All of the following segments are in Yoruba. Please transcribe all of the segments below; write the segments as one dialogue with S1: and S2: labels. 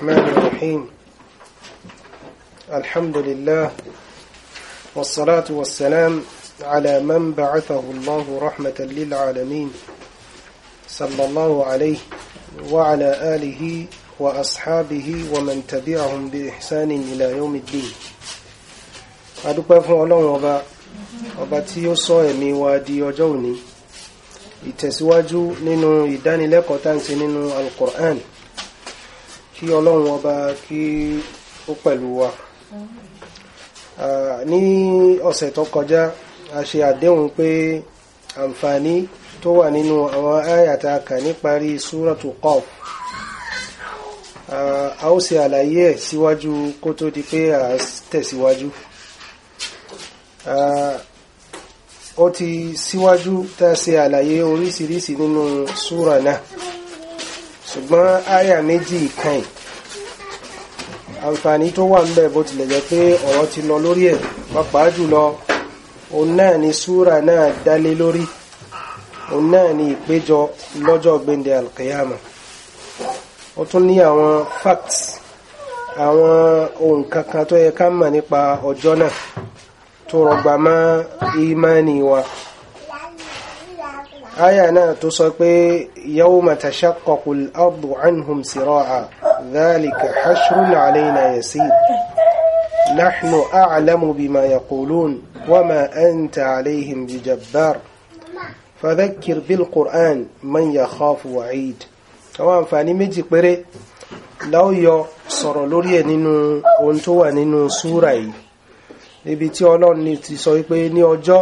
S1: الرحمن الرحيم الحمد لله والصلاة والسلام على من بعثه الله رحمة للعالمين صلى الله عليه وعلى آله وأصحابه ومن تبعهم بإحسان إلى يوم الدين أدوك fún الله وبا ọba tí ó sọ ẹ̀mí wa di ọjọ́ òní ìtẹ̀síwájú nínú ìdánilẹ́kọ̀ọ́ tá kí ọlọ́run ọba kí ó pẹ̀lú wa ní ọ̀sẹ̀ tó kọjá a ṣe àdéhùn pé àǹfààní tó wà nínú àwọn ayàtà kà níparí súrọ̀tù Qaf a ó ṣe àlàyé ẹ̀ síwájú kó tó di pé a tẹ̀síwájú ó ti síwájú tá a ṣe àlàyé oríṣiríṣi nínú súrà náà ṣùgbọ́n àyà méjì kan àǹfààní tó wà ń bẹ bó tilẹ̀ jẹ́ pé ọ̀rọ̀ ti lọ lórí ẹ̀ pàápàá jùlọ òun náà ni súra náà dálé lórí òun náà ni ìpéjọ lọ́jọ́ gbẹ̀ndẹ̀ alkiyama ó tún ní àwọn facts àwọn ohun kankan tó yẹ ká mọ̀ nípa ọjọ́ náà tó rọgbà mọ́ ìmánì wa aya náà tó sọ pé yawma tashaqqaqu al-ardu anhum sira'a dhalika hashrun alayna yasir nahnu a'lamu bima yaqulun wama anta alayhim bijabbar fadhakkir bil-qur'an man yakhafu wa'id àwọn àǹfààní méjì péré láwùyọ sọ̀rọ̀ lórí ẹ̀ nínú ohun tó wà nínú súra yìí níbi tí ọlọ́run ti sọ wípé ní ọjọ́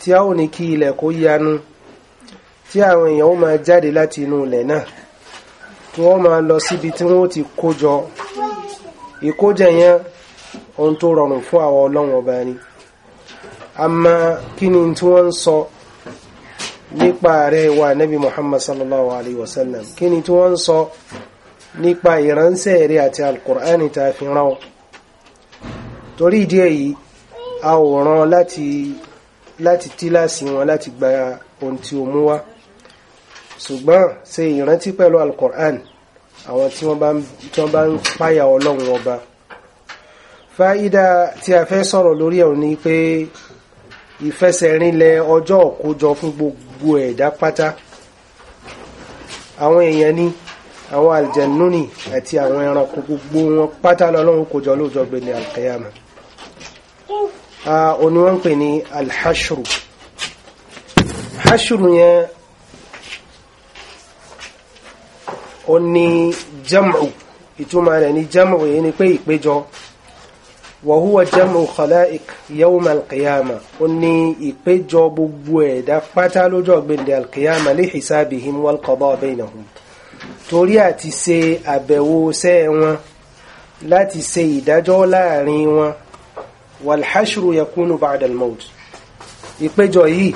S1: tí a ò ní kí ilẹ̀ kó yanu tí àwọn èèyàn ó máa jáde láti inú ilẹ̀ náà tí wọ́n máa lọ síbi tí wọ́n ti kójọ ìkójọ yẹn ohun tó rọrùn fún àwọn ọlọ́run ọba ni àmọ́ kí ni tí wọ́n ń sọ nípa rẹ̀ wà nábì muhammad sallallahu alayhi wa sallam kí ni tí wọ́n ń sọ nípa ìránṣẹ́ rẹ̀ àti alkùránì ta fi rán ọ torí ìdí èyí a ò rán láti láti tíláàsì wọn láti gba ohun tí o mú wá ṣùgbọ́n ṣe ìrántí pẹ̀lú alukur'an àwọn tí wọ́n bá ń páyà ọlọ́run ọba fáídà tí a fẹ́ sọ̀rọ̀ lórí ẹ̀ ni pé ìfẹsẹ̀rinlẹ̀ ọjọ́ òkójọ fún gbogbo ẹ̀dá pátá àwọn èèyàn ni àwọn àlìjẹ̀nú ni àti àwọn ẹranko gbogbo wọn pátá lọ́lọ́run kójọ lóòjọ́ gbé ní alkayama òní wọ́n ń pè ní alhashru hashru yẹn ó ní jam'u ìtumọ̀ rẹ̀ ní jam'u yìí ni pé ìpéjọ wa huwa jam'u khala'ik yawm al-qiyama ó ní ìpéjọ gbogbo ẹ̀dá pátá lọ́jọ́ gbẹ̀ndẹ̀ al-qiyama li hisabihim wal qada' bainahum torí àti ṣe àbẹ̀wò sẹ́ wọn láti ṣe ìdájọ́ láàrin wọn wal yakunu ba'da ìpéjọ yìí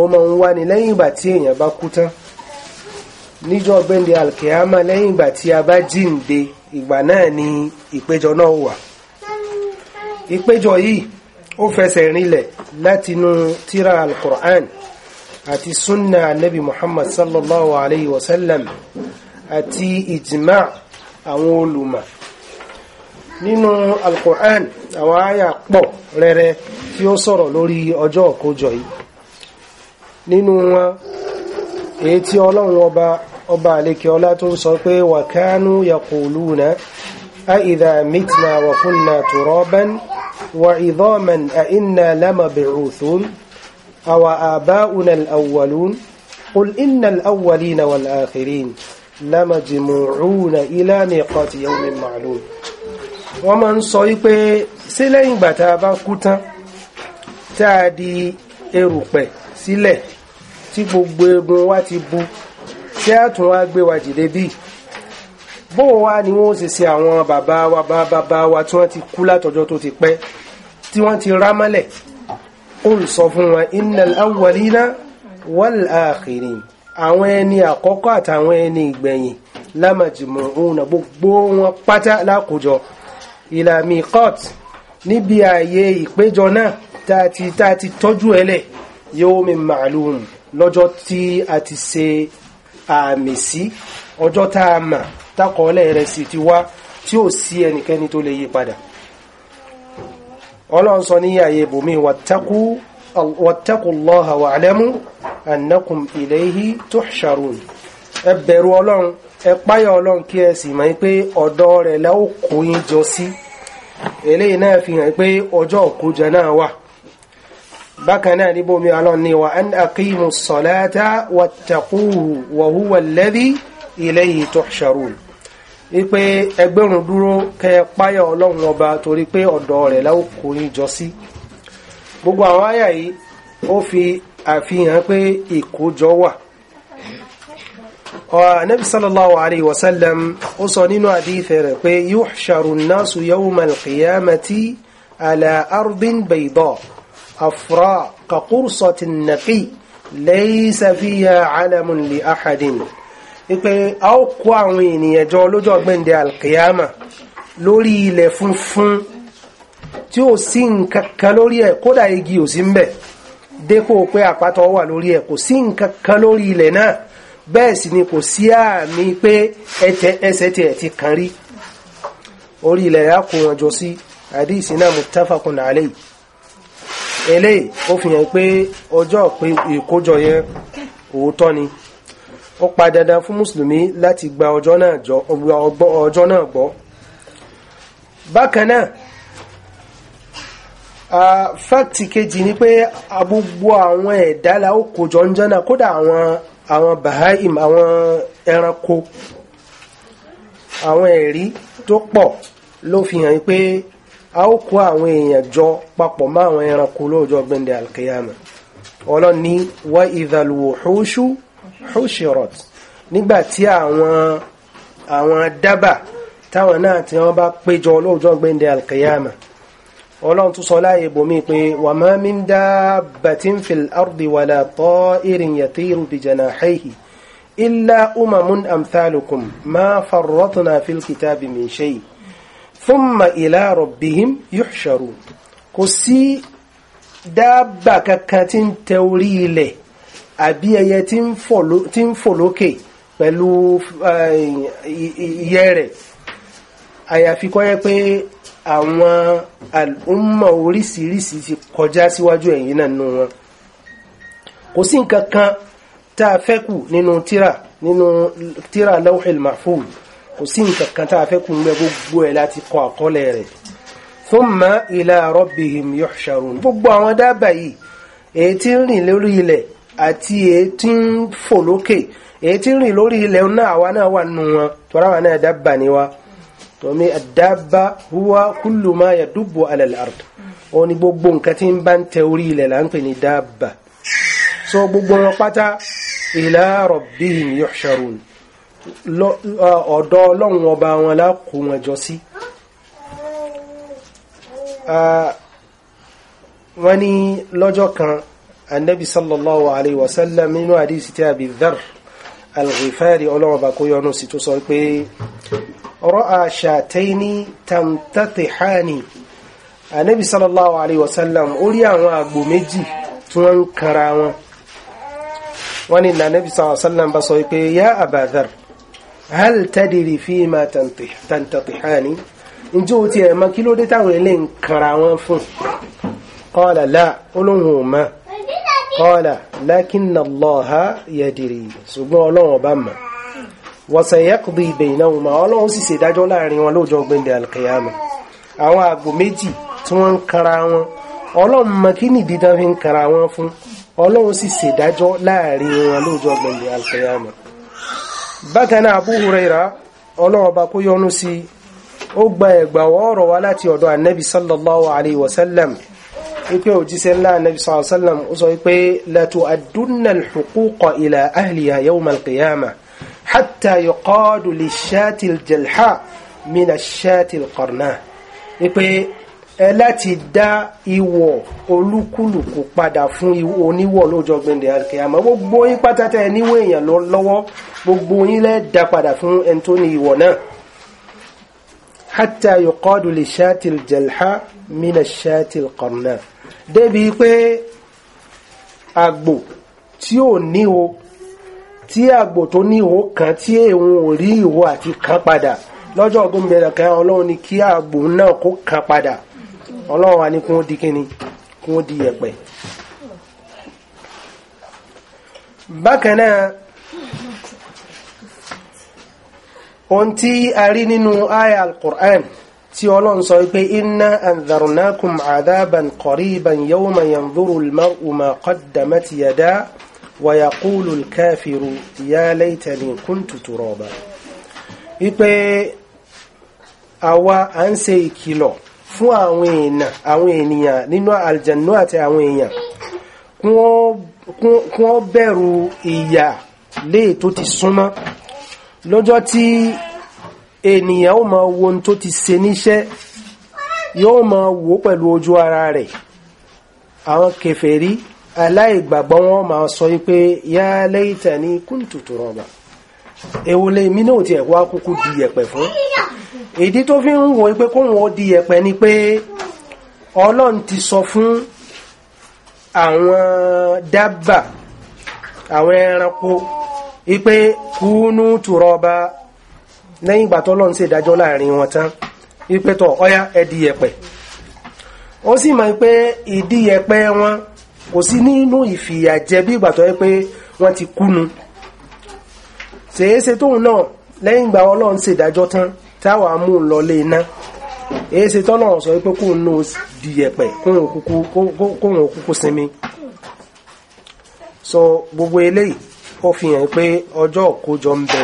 S1: ó máa ń wá ní lẹ́yìn ìgbà tí èèyàn bá kú tán níjọ́ gbẹ̀ndẹ̀ alkiyama lẹ́yìn ìgbà tí a bá jíǹde ìgbà náà ni ìpéjọ náà wà ìpéjọ yìí ó fẹsẹ̀ rinlẹ̀ látinú tíra alkùrán àti súnà nabi muhammad sallallahu alayhi wa sallam àti ìjìmá àwọn olùmọ̀ nínú alkùrán àwọn àyà pọ̀ rẹrẹ tí ó sọ̀rọ̀ lórí ọjọ́ ìkójọ yìí nínú wọn èyí tí ọlọ́run ọba ọba àlekè ọlá tó ń sọ pé wa kanu yaquluna a idha mitna wa kunna turaban wa idhaman a inna lamab'uthun aw aba'una al-awwalun qul inna al-awwalina wal-akhirin lamajmu'una ila miqati yawmin ma'lum wọ́n máa ń sọ wípé sí lẹ́yìn bá kú tán di erùpẹ̀ sílẹ̀ tí gbogbo egun wa ti bu tí a tún wá gbé wa jìde bí bó wá ni wọ́n ṣe ṣe àwọn bàbá wa bàbá wa tí wọ́n ti kú látọjọ́ tó ti pẹ́ tí wọ́n ti rá mọ́lẹ̀ olùsọ fún wọn innal awwalina wal akhirin àwọn ẹni àkọ́kọ́ àtàwọn ẹni ìgbẹ̀yìn lamajmu'una gbogbo wọn pátá lákòjọ ila miqat níbi ààyè ìpéjọ náà tá a ti tọ́jú ẹlẹ̀ yawmin ma'lum lọ́jọ́ tí a ti ṣe àmì sí ọjọ́ tá a mà tákọọ́lẹ̀ rẹ̀ sì ti wá tí ò sí ẹnikẹ́ni tó lè yí padà ọlọ́run sọ ní ààyè ibòmí wattaqullaha wa'lamu annakum ilayhi tuhsharun ẹ bẹ̀rù ọlọ́run ẹ ọlọ́run kí ẹ sì mọ̀ pé ọ̀dọ̀ rẹ̀ lẹ́ ó kó jọ sí eléyìí náà fi hàn pé ọjọ́ òkújọ náà wà bákan náà níbo mi ọlọ́run ní wa an aqimu salata wattaquhu wa huwa alladhi ilayhi tuhsharun ipe ẹgbẹ̀rún dúró kẹ́ páyà ọlọ́run ọba torí pé ọ̀dọ̀ rẹ̀ láwùkúrin jọ sí gbogbo àwọn àyà yìí ó fi àfihàn pé ìkójọ wà anabi sallallahu alayhi wa sallam ó sọ nínú àdífẹ́ rẹ̀ pé yuhsharun nasu yawmal qiyamati ala ardin bayda أفراء كقرصة النقي ليس فيها علم لأحد ipe a ó kó àwọn ènìyàn jọ lọ́jọ́ gbẹ̀ndẹ̀ alkiyama lórí ilẹ̀ funfun tí ó sí nǹkan kan lórí ẹ̀ kódà igi ò sí ń bẹ̀ dépò pé àpáta wà lórí ẹ̀ kò sí nǹkan kan lórí ilẹ̀ náà bẹ́ẹ̀ sì ni kò sí àmì pé ẹsẹ̀ tiẹ̀ ti kàn rí orí ilẹ̀ yà kó wọn jọ sí àdìsí náà muttafaqun eléyìí ó fi hàn pé ọjọ́ pé ìkójọ yẹn òótọ́ ni ó pa dandan fún mùsùlùmí láti gba ọjọ́ náà gbọ́ bákan náà fáktì kejì ni pé agbogbo àwọn ẹ̀dá la ó kójọ ń jẹ́ náà kódà àwọn àwọn bahaim àwọn ẹranko àwọn ẹ̀rí tó pọ̀ ló fi hàn pé a ó kó àwọn èèyàn jọ papọ̀ mọ́ àwọn ẹranko lóòjọ́ gbẹ̀ndẹ̀ alkiyama ọlọ́ni wa idhal wuhushu hushirat nígbà tí àwọn àwọn dábà táwọn náà tí wọ́n bá péjọ lóòjọ́ gbẹ̀ndẹ̀ alkiyama ọlọ́run tún sọ láyé bomi pé wa ma min dabbatin fil ardi wala ta'irin yatiru bi janahihi illa umamun amthalukum ma farratna fil kitabi min shay' thumma ila rabbihim yuhsharun kò sí dáàbà kankan tí ń tẹ orí ilẹ̀ àbí ẹyẹ tí ń fò lókè pẹ̀lú ìyẹ́ eh, rẹ̀ àyàfi kó yẹ pé àwọn àlùmọ̀ oríṣiríṣi ti kọjá síwájú ẹ̀yìn náà nù wọn kò sí nǹkan kan tá a fẹ́ kù nínú tíra nínú tíra lawhil mahfuz kò sí nǹkan kan tá a fẹ́ kún bẹ gbogbo ẹ̀ láti kọ àkọọ́lẹ̀ rẹ̀ thumma ila rabbihim yuhsharun gbogbo àwọn dábàá yìí èyí tí ń rìn lórí ilẹ̀ àti èyí tí ń fò lókè èyí tí ń rìn lórí ilẹ̀ náà àwa náà wà nù wọn tọ́ra wa náà dábàá ni wa tọ́mi àdábàá huwa kullu ma yadubbu ala al òun ni gbogbo nǹkan tí ń bá ń tẹ orí ilẹ̀ là ń pè ní dábàá so gbogbo wọn pátá ila rabbihim yuhsharun ọ̀dọ̀ ọlọ́run ọba wọn lákò wọn jọ sí wọ́n ní lọ́jọ́ kan annabi sallallahu alaihi wasallam nínú àdísì tí a bí dhar al-ghifari ọlọ́run ọba kó yọnu sí tó sọ pé ra'a shataini tamtatihani annabi sallallahu alaihi wasallam ó rí àwọn àgbò méjì tí wọ́n ń wọn wọ́n ní nànẹ́bí sallallahu alaihi wasallam bá sọ pé yá abadhar hal tadiri fi ma tantatihani njẹ́ o ti ẹ̀ mọ̀ kí ló dé táwọn ilé ń kanra wọn fún la olóhùn ma qala lakinna Allaha yadiri ṣùgbọ́n ọlọ́run ọba mọ̀ wa sayaqdi baynahuma ọlọ́run sì ṣèdájọ́ alkiyama àwọn àgbò méjì tí wọ́n ń kanra wọn ọlọ́run mọ̀ fún alkiyama bákan náà Abu Huraira ọlọ́ọ̀ba kó yọ́nú sí ó gba ẹ̀gbà ọ̀rọ̀ wá láti ọ̀dọ̀ ànẹ́bì sallallahu alayhi wa sallam wípé òjíṣẹ́ ńlá ànẹ́bì sallallahu alayhi wa sallam ó sọ wípé latu adunnal huquqa ila ahliha yawm ẹ láti dá ìwọ̀ olúkúlùkù padà fún oníwọ̀ lọ́jọ́ gbẹ̀ndẹ̀ àkè àmọ́ gbogbo yín pátátá ẹ níwọ̀ èèyàn lọ́wọ́ gbogbo yín lẹ́ dá padà fún ẹni tó ní ìwọ̀ náà hatta yuqadu li shatil jalha mina shatil qarna débi pé àgbò tí ò ního tí àgbò tó ního kan tí èèwọ̀n ò rí ìwọ̀ àti kan padà lọ́jọ́ ọgbọ̀n bẹ̀rẹ̀ kan ọlọ́run ni kí àgbò náà kó kan padà ọlọ́run wa ní kún di kíni kún di yẹ̀pẹ̀ bákan náà ohun tí a rí nínú aya al-Qur'an tí ọlọ́run sọ pé inna anzarnakum adaban qariban yawma yanzuru al-mar'u ma qaddamat yada wa yaqulu al ya laytani kuntu turaba wípé àwa à ń ṣe fún àwọn èèyàn àwọn ènìyàn nínú àlìjànnú àti àwọn èèyàn kún ó bẹ̀rù ìyà léè e tó ti súnmọ́ lọ́jọ́ tí ènìyàn ó máa wo ohun tó ti ṣe níṣẹ́ yóò máa wò pẹ̀lú ojú ara rẹ̀ àwọn kèfèrí aláìgbàgbọ́ wọn máa sọ wípé yá laitani kuntu turaba ewole mi náà ti ẹ̀kọ́ e akúkú di yẹ̀pẹ̀ fún ìdí tó fi ń wọ pé kóhun ó di yẹ̀pẹ̀ ni pé ọlọ́run ti sọ fún àwọn dábà àwọn ẹranko wípé kúnú tùrọba lẹ́yìn ìgbà tó lọ́n ṣe ìdájọ́ láàrin wọn tán wípé tọ̀ ọyá ẹ di yẹ̀pẹ̀ ó sì mọ̀ pé ìdí yẹ̀pẹ̀ wọn kò sí nínú ìfìyàjẹ bí ìgbà tó yẹ pé wọ́n ti kúnu ṣèéṣe tóun náà lẹ́yìn ìgbà ọlọ́run ṣèdájọ́ tán táwa mú un lọlé iná èéṣe tọ́lọ́run sọ pé kóun náà di yẹ̀pẹ̀ kóun òkúkú sinmi so gbogbo eléyìí ó fi hàn pé ọjọ́ òkójọ ń bẹ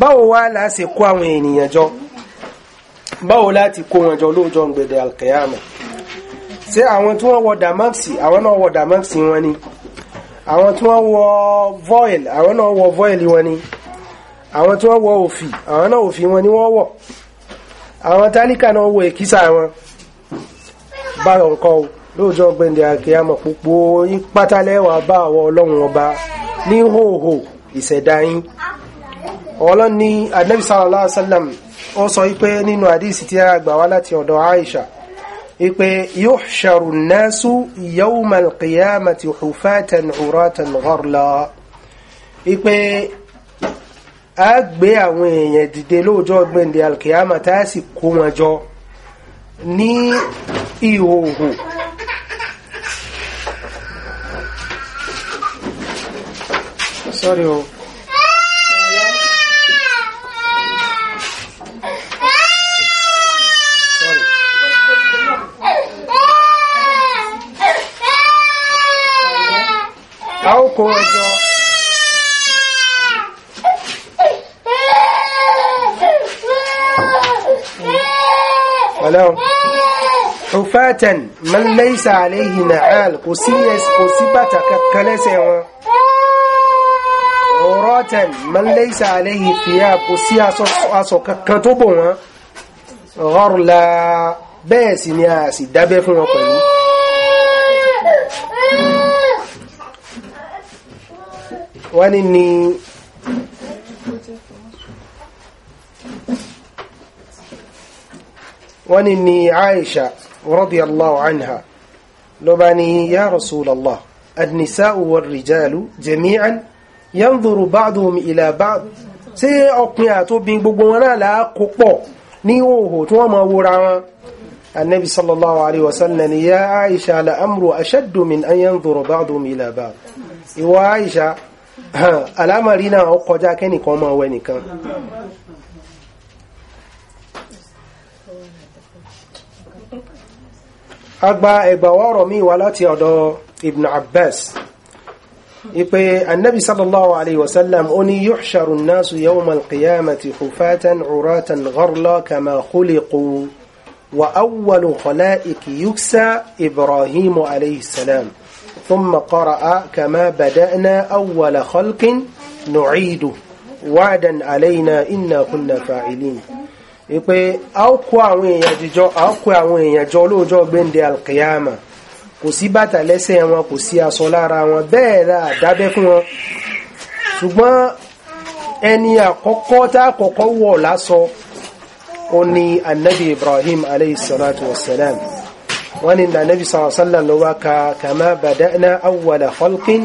S1: báwo wá la ṣe kó àwọn ènìyàn jọ báwo láti kó wọn jọ lóòjọ́ ń gbèdè alkeyama ṣé àwọn tí wọ́n wọ dàmáàsì àwọn náà wọ dàmáàsì wọn ni àwọn tí wọ́n wọ voil àwọn náà wọ voil wọn ni àwọn tí wọ́n wọ òfì àwọn náà òfì wọn ni wọ́n wọ̀ àwọn tálíkà náà wọ èkísà wọn báyọ̀ nǹkan o lóòjọ́ gbẹ̀ndẹ̀ àkíyàmọ̀ púpọ̀ yín pátálẹ́wà bá àwọ ọlọ́run ọba ní hòhò ìṣẹ̀dá yín ọlọ́ni adébísà aláàsálàm ó sọ wípé nínú àdíìsì tí a gbà wá láti ọ̀dọ̀ Aisha ipe yuhsharu nasu yawma alqiyamati hufatan uratan gharla ipe a gbé àwọn èèyàn dìde lọ́jọ́ gbẹ̀ndẹ̀ alqiyama tá a sì kó wọn sorry Oh. kó wọn jọ. ọlọ́run òfàtàn mẹ́lẹ́sà àléhìn nàál kò sí bàtà kankan lẹ́sẹ̀ wọn ọ̀rọ̀tàn mẹ́lẹ́sà àléhìn fìyà kò sí aṣọ kankan tó bò wọn ọ̀rọ̀lá bẹ́ẹ̀ sì ni a sì dábẹ́ fún wọn pẹ̀lú wọ́n ní ni wọ́n ní ni Aisha radiyallahu anha ló bá ní ya rasulallah an-nisa'u war-rijalu jami'an yanzuru ba'duhum ila ba'd ṣé ọkùnrin àtóbin gbogbo wọn náà láàkó pọ̀ ní òhò tí wọ́n máa wòra wọn النبي صلى الله عليه وسلم يا عائشة لأمر أشد من أن ينظر بعضهم إلى بعض وعائشة alámàrí náà ó kọjá kẹ́nìkan máa wẹ nìkan agba ẹgbàwọ́ ọ̀rọ̀ míì wá láti ọ̀dọ̀ ibn abbas ipe annabi sallallahu alaihi wasallam ó ní yuhsharu an-nasu yawma al-qiyamati hufatan uratan gharla kama khuliqu wa awwalu khalaiqi yuksa ibrahim alayhi salam ثم قرأ كما بدأنا أول خلق نعيده وعدا علينا إنا كنا فاعلين ipe a ó kó àwọn èèyàn jọ a ó kó àwọn èèyàn jọ lóòjọ́ gbéǹde alkiyama kò sí bàtà lẹ́sẹ̀ wọn kò sí aṣọ lára wọn bẹ́ẹ̀ rà dábẹ́ fún wọn ṣùgbọ́n ẹni àkọ́kọ́ tá àkọ́kọ́ wọ̀ lásọ ó ní anabi wọ́n ní nànẹ́bí sàrọ̀sálà ló wá ka kàmá bàdáná awwala khalqin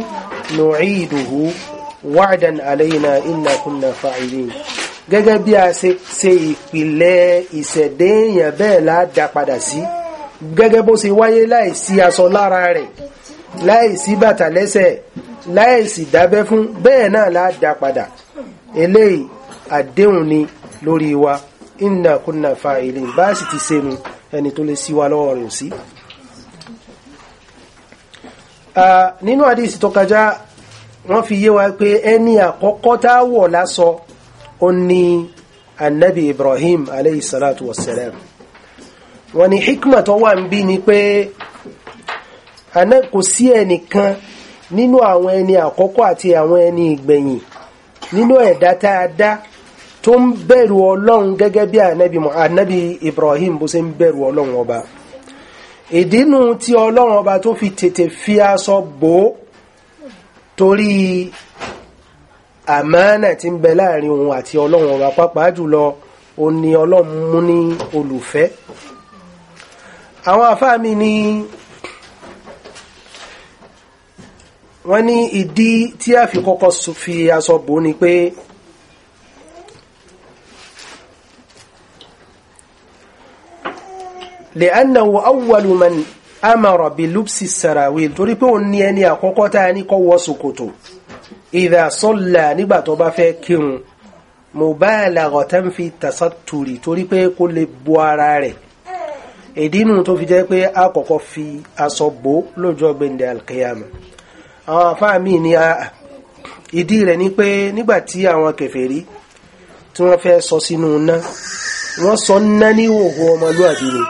S1: nu'iduhu wa'dan alayna inna kunna fa'ilin gẹ́gẹ́ bí a ṣe ṣe ìpìlẹ̀ ìṣẹ̀dẹ́yàn bẹ́ẹ̀ la dá padà sí gẹ́gẹ́ bó ṣe wáyé láìsí aṣọ lára rẹ̀ láìsí bàtà lẹ́sẹ̀ láìsí dábẹ́ fún bẹ́ẹ̀ náà la padà eléyìí àdéhùn ni lórí wa inna kunna bá sì ti ṣe nu ẹni tó lè síwá lọ́wọ́ rẹ̀ sí nínú àdísì tó kajá wọ́n fi yé wa pé ẹni àkọ́kọ́ tá lásọ ó ní annabi Ibrahim alayhi salatu wassalam wọ́n ní hikma tó wà ń bí ni pé kò sí ẹnìkan nínú àwọn ẹni àkọ́kọ́ àti àwọn ẹni ìgbẹ̀yìn nínú ẹ̀dá tá a dá tó ń bẹ̀rù ọlọ́run gẹ́gẹ́ bí ànábì Ibrahim bó ṣe ń bẹ̀rù ọlọ́run ọba ìdínú tí ọlọ́run ọba tó fi tètè fi aṣọ bò ó torí àmánà tí ń bẹ láàrin òun àti ọlọ́run ọba pàápàá jùlọ ó ní ọlọ́run mú ní olùfẹ́ àwọn àfáàmì ni wọ́n ní ìdí tí a fi kọ́kọ́ fi aṣọ bò ó ni pé. li'annahu awwalu man amara bi lubsi sarawil torí pé òun ní ẹni àkọ́kọ́ tá a ní kó wọ ṣòkòtò idha salla nígbà tó bá fẹ́ kírun mubalaghatan fi tasatturi torí pé kó lè bo ara rẹ̀ ìdínú tó fi jẹ́ pé a fi aṣọ bò lọ́jọ́ gbẹ̀ndẹ̀ alkiyama àwọn afáàmì ni ah, ìdí rẹ̀ ni pé nígbàtí àwọn kèfèrí tí wọ́n fẹ́ sọ sínú ná wọ́n sọ ná ní òhun ọmọlúwàbí ni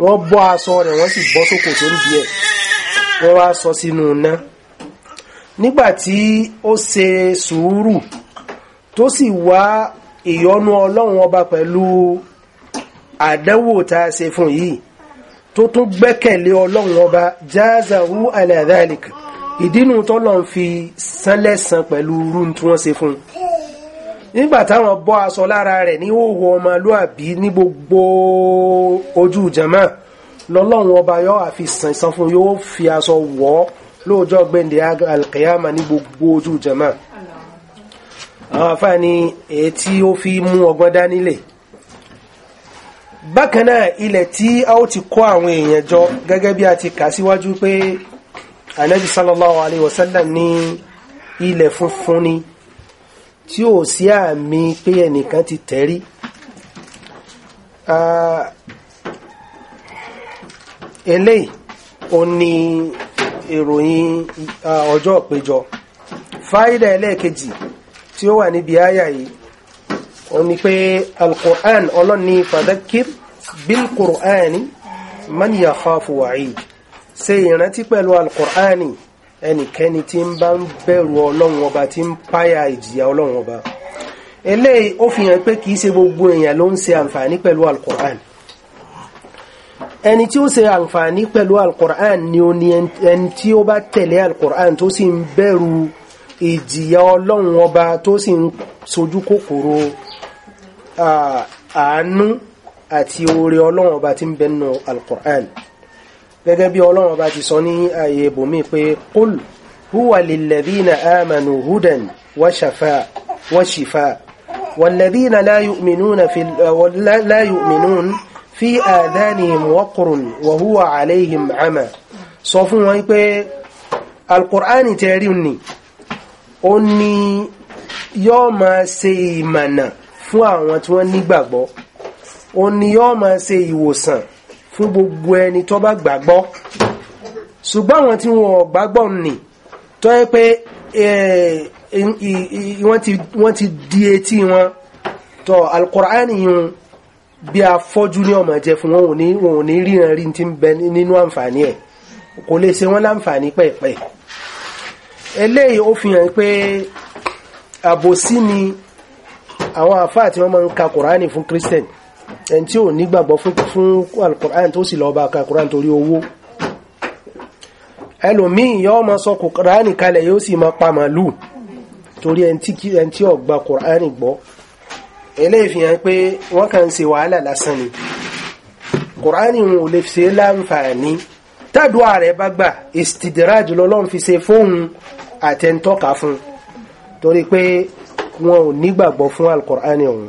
S1: wọ́n bọ́ aṣọ rẹ̀ wọ́n sì bọ́ sókò tó ń di ẹ̀ wọ́n wá sọ sínú iná nígbà tí ó ṣe sùúrù tó sì wá ìyọ́nú ọlọ́run ọba pẹ̀lú àdánwò tá a ṣe fún yìí tó tún gbẹ́kẹ̀lé ọlọ́run ọba jáàzàwú ala dhalik ìdínú tọ́lọ́run fi sánlẹ̀sán pẹ̀lú rúntú wọ́n ṣe fún un nígbà táwọn bọ́ aṣọ lára rẹ̀ ní òwò ọmọlúàbí ní gbogbo ojú jama lọ́lọ́run ọba yóò àfi sàn fún yóò fi aṣọ wọ̀ ọ́ lóòjọ́ gbẹ̀ndẹ̀ alkiyama ní gbogbo ojú jama àwọn afáà ni èyí tí ó fi mú ọgbọ́n dánilẹ̀ bákan náà ilẹ̀ tí a ó ti kó àwọn èèyàn jọ gẹ́gẹ́ bí a ti kà síwájú pé anabi sallallahu alayhi wa sallam ní ilẹ̀ funfun ni tí ò sí àmì pé ẹnìkan ti tẹ̀rí ah, eléyìí ó ní ìròyìn ah, ọjọ́ ìpéjọ fáìdà ẹlẹ́ẹ̀kejì tí ó wà níbi àyà yìí ó ní pé alkùrán ọlọ́ni fadakir bilkùrán man yakhafu wa'id ṣe ìrántí pẹ̀lú alkùránì ẹnikẹ́ni tí ń bá ń bẹ̀rù ọlọ́run ọba tí ń páyà ìjìyà ọlọ́run ọba eléyìí ó fi hàn pé kìí ṣe gbogbo èèyàn ló ń ṣe àǹfààní pẹ̀lú alukur'an ẹni tí ó ṣe àǹfààní pẹ̀lú alukur'an ni ó ní ẹni tí ó bá tẹ̀lé alukur'an tó sì ń bẹ̀rù ìjìyà ọlọ́run ọba tó sì ń sojú kòkòrò àánú àti oore ọlọ́run ọba tí ń bẹ nínú gẹ́gẹ́ bí ọlọ́run bá ti sọ ní ààyè ibòmí pé qul huwa lilladhina amanu hudan wa shafa wa shifa والذين لا يؤمنون في لا يؤمنون في آذانهم وقر وهو عليهم عمى sọ fún wọn pé alqur'ani tẹ́rí ni ó ní yóò máa ṣe ìmọ̀nà fún àwọn tí wọ́n nígbàgbọ́ fún gbogbo ẹni tó bá gbàgbọ́ ṣùgbọ́n àwọn tí wọn ò gbàgbọ́ nì tó yẹ pé wọ́n ti di etí wọn tó alukur'ani yìí bí afọ́jú ní ọmọ jẹ fún wọn wọn ò ní ríran rí ti ń bẹ nínú àǹfààní ẹ̀ kò lè ṣe wọ́n láǹfààní pẹ̀pẹ̀ eléyìí ó fi hàn pé àbòsí ni àwọn àfáà tí wọ́n máa ń ka kùránì fún christian ẹni tí ò nígbàgbọ́ fún alukur'an tó sì lọ́ọ́ bá ka alukur'an torí owó ẹlòmíì yóò máa sọ alukur'an kalẹ̀ yóò sì máa pa màálù torí ẹni tí ò gba alukur'an gbọ́ eléyìí fi hàn pé wọ́n kàn ń ṣe wàhálà lásán ni alukur'an wọn ò lè ṣe láǹfààní tádùá rẹ̀ bá gbà istidraj lọ́lọ́run fi ṣe fóun àtẹ̀ntọ́ka fún torí pé wọn ò nígbàgbọ́ fún alukur'an ọ̀hún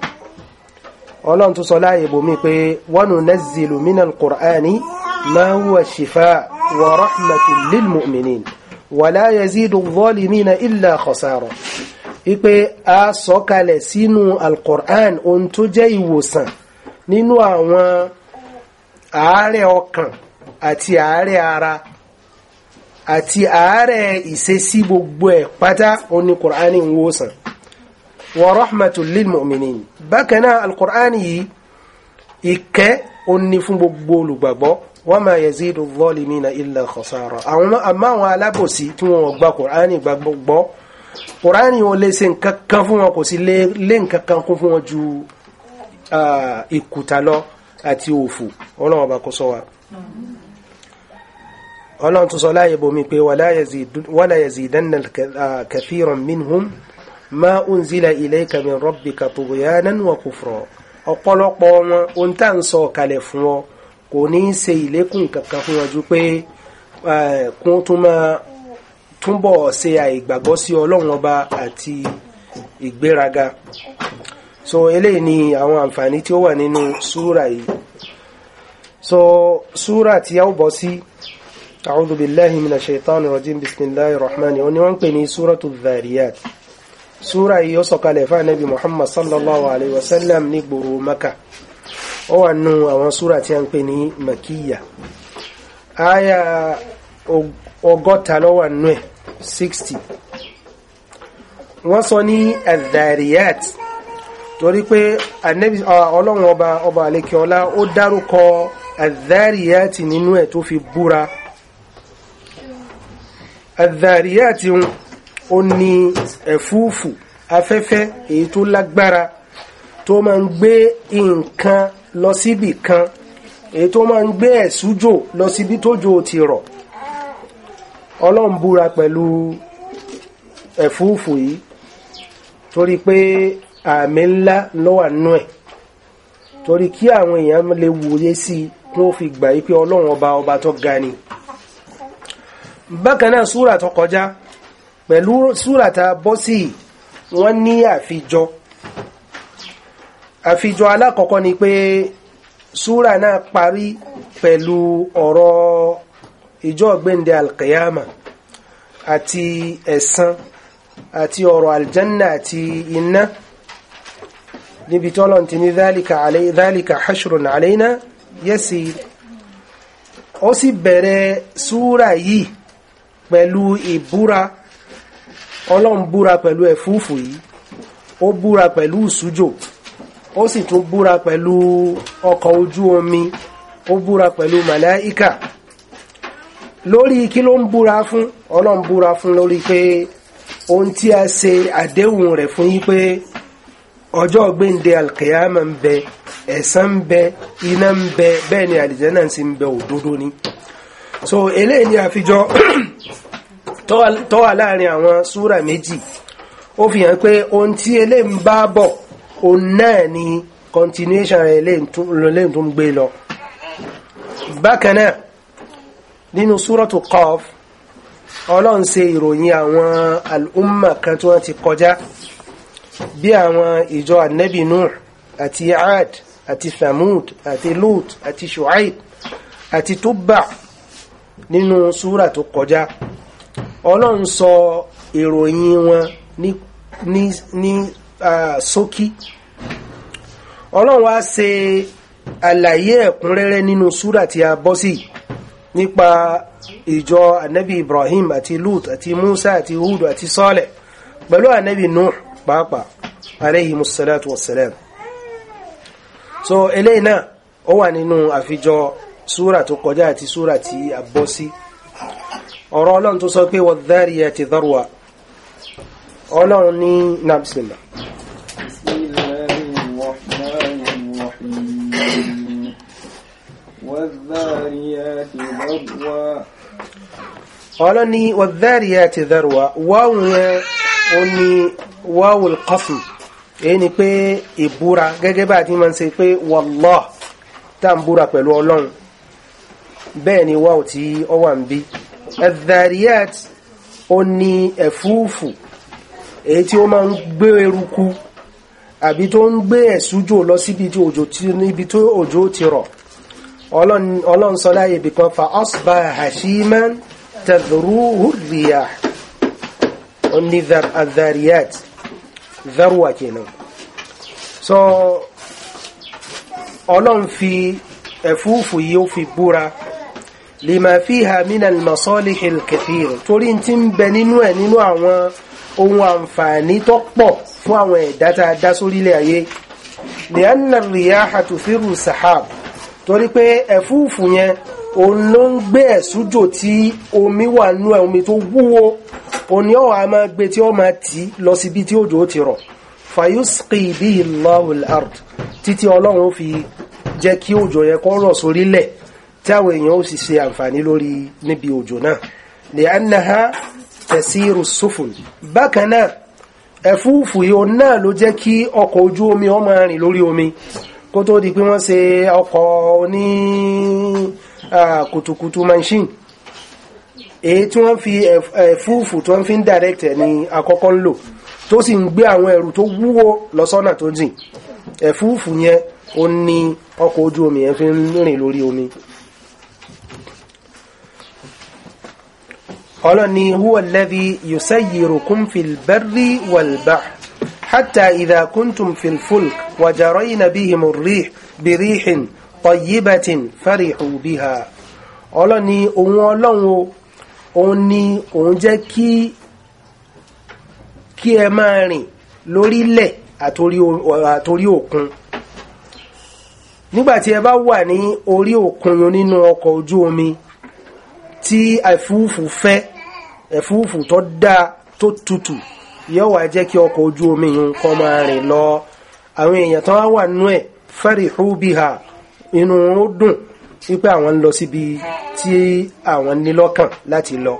S1: ọlọ́run tún sọ láàyè bòmí pé wa nunazzilu minal qur'ani ma huwa shifa' wa rahmatun lil mu'minin wa la yazidu adh-dhalimina illa khasara ipe a sọ̀kalẹ̀ sínú alqur'an ohun tó jẹ́ ìwòsàn nínú àwọn àárẹ̀ ọkàn àti àárẹ̀ ara àti àárẹ̀ ìṣesí gbogbo ẹ̀ pátá ó ní wa rahmatul lil mu'minin bákan náà alukur'ani yìí ìkẹ́ òní fún gbogbo olùgbàgbọ́ wa ma yazidu zalimina illa khasara àwọn àmọ́ àwọn alábòsí tí wọ́n gba kur'ani gbàgbọ́ kur'ani wọn lè ṣe nǹkan kan fún wọn kò sí lé nǹkan kan kún fún wọn ju ìkùtà lọ àti òfò ọlọ́run ọba kó sọ wa ọlọ́run tó sọ láyé bomi pé wala yazidanna kathiran minhum ma unzila ilayka min rabbika tughyanan wa kufra ọ̀pọ̀lọpọ̀ wọn ohun tá à ń sọ kalẹ̀ fún ọ kò ní í ṣe ìlékùn kankan fún ọ ju pé kún tún máa túnbọ̀ ṣe àìgbàgbọ́ sí ọlọ́run ọba àti ìgbéraga so eléyìí ni àwọn àǹfààní tí ó wà nínú súra yìí so súra tí a ó bọ́ sí a'udhu billahi minash shaitani rajim bismillahir rahmanir rahim wọ́n pè ní súratu dhariyat súra yìí ó sọ̀kalẹ̀ fún anabi muhammad sallallahu alayhi wa sallam ní gbòòrò maka ó wà nù àwọn súra tí a ń pè ní makiya aya ọgọ́ta ló wà nù ẹ̀ 60 wọ́n sọ ní adhariyat torí pé anabi ọlọ́run ọba ọba alekeola ó dárúkọ adhariyat nínú ẹ̀ tó fi búra adhariyat ó ní ẹ̀fúùfù afẹ́fẹ́ èyí tó lágbára tó máa ń gbé nǹkan lọ síbì kan èyí tó máa ń gbé ẹ̀sújò lọ síbi tójò ti rọ̀ ọlọ́run búra pẹ̀lú ẹ̀fúùfù yìí torí pé àmì ńlá ló nú ẹ̀ torí kí àwọn èèyàn lè wòye sí i kí wọ́n fi gbà yí pé ọlọ́run ọba ọba tó ga ni bákan náà súrà tó kọjá pẹ̀lú súrata bọ́sì wọ́n ní àfijọ́ àfijọ́ alákọ̀ọ́kọ́ ni pé súra náà parí pẹ̀lú ọ̀rọ̀ ìjọ́ ọ̀gbẹ́ndẹ̀ alkiyama àti ẹ̀san àti ọ̀rọ̀ aljanna àti iná níbi tọ́lọ̀n ti ní dhalika hashrun alayna yẹ́sì ó sì bẹ̀rẹ̀ súra yìí pẹ̀lú ìbúra ọlọ́run búra pẹ̀lú ẹ̀fúùfù yìí ó búra pẹ̀lú ìsújò ó sì tún búra pẹ̀lú ọkọ̀ ojú omi ó búra pẹ̀lú màláíkà lórí kí ló ń búra fún ọlọ́run búra fún lórí pé ohun tí a ṣe àdéhùn rẹ̀ fún yí pé ọjọ́ gbéǹde alkiyama ń bẹ ẹ̀san ń bẹ iná ń bẹ bẹ́ẹ̀ ni àlìjẹ́nà sì ń bẹ òdodo ni so eléyìí ni àfijọ́ tó wà láàrin àwọn súra méjì ó fi hàn pé ohun tí eléyìí ń bá bọ̀ òun náà ni continuation rẹ̀ eléyìí tó ń gbé lọ bákan náà nínú súrọ̀tù Qaf ọlọ́run ṣe ìròyìn àwọn al'umma kan tí wọ́n ti kọjá bí àwọn ìjọ annabi Nuh àti Ad àti Thamud àti Lut àti Shu'aib àti Tubba nínú súra tó kọjá ọlọ́run sọ ìròyìn wọn ní ní ní ṣókí ọlọ́run wá ṣe àlàyé ẹ̀kúnrẹ́rẹ́ nínú súrà tí a bọ́ sí nípa ìjọ ànábì Ibrahim àti Lut àti Musa àti Hud àti Saleh pẹ̀lú ànábì Nuh pàápàá alayhi musalatu wasalam so eléyìí náà ó wà nínú àfijọ súrà tó kọjá àti súrà tí a bọ́ sí ọ̀rọ̀ ọlọ́run tó sọ pé wadhariyati dharwa ọlọ́run ní nàbísìlá. ọlọ́run ní wadhariyati dharwa wáwù yẹn ó ní wáwù al-qasm èyí ni pé ìbúra gẹ́gẹ́ bá ti máa ń ṣe pé wallah tá ń búra pẹ̀lú ọlọ́run bẹ́ẹ̀ ni wáwù tí ó ń bí adhariyat ó ní ẹ̀fúùfù èyí tí ó máa ń gbé eruku àbí tó ń gbé ẹ̀sújò lọ síbi tí òjò ti níbi tó òjò ti rọ̀ ọlọ́run sọ láyé ibìkan fa asba hashiman tadruhu riyah ó adhariyat dharwa kenan so ọlọ́run fi ẹ̀fúùfù yìí ó fi búra lima fiha min al-masalih al-kathir torí tí ń bẹ nínú ẹ̀ nínú àwọn ohun àǹfààní tó pọ̀ fún àwọn ẹ̀dá tá a dá sórílẹ̀ ayé li'anna ar-riyaha tuthiru sahab torí pé ẹ̀fúùfù yẹn òun ló ń gbé ẹ̀sújò tí omi wà nú ẹ̀ omi tó wúwo òní ọ̀hún a máa gbé tí ó máa tì lọ síbi tí òjò ti rọ̀ fayusqi bihi Allahu ard títí ọlọ́run fi jẹ́ kí òjò yẹ kó rọ̀ sórílẹ̀ táwọn èèyàn ó sì ṣe àǹfààní lórí níbi òjò náà lè anaha tẹ̀síru sufun bákan náà ẹ̀fúùfù yìí náà ló jẹ́ kí ọkọ̀ ojú omi ó máa rìn lórí omi kó tó di pé wọ́n ṣe ọkọ̀ ní kùtùkùtù machine èyí tí wọ́n fi ẹ̀fúùfù tí wọ́n fi ń direct ní àkọ́kọ́ ń lò tó sì ń gbé àwọn ẹrù tó wúwo lọ tó jìn ẹ̀fúùfù yẹn ó ní ọkọ̀ ojú omi yẹn fi ń rìn lórí omi. قالني هو الذي يسيركم في البر والبحر حتى إذا كنتم في الفلك وجرين بهم الريح بريح طيبة فرحوا بها قالني òun Ọlọ́run o òun ni òun jẹ́ kí kí ẹ máa rìn lórílẹ̀ àtorí òkun nígbàtí ẹ bá wà ní orí òkun nínú ọkọ̀ ojú omi tí àìfúùfù fẹ́ ẹ̀fúùfù tó dáa tó tutù yóò wá jẹ́ kí ọkọ̀ ojú omi yìí kó máa rìn lọ àwọn èèyàn tó wá wà nú ẹ̀ farihu biha inú ó dùn wípé àwọn ń lọ síbi tí àwọn nílọ́kàn láti lọ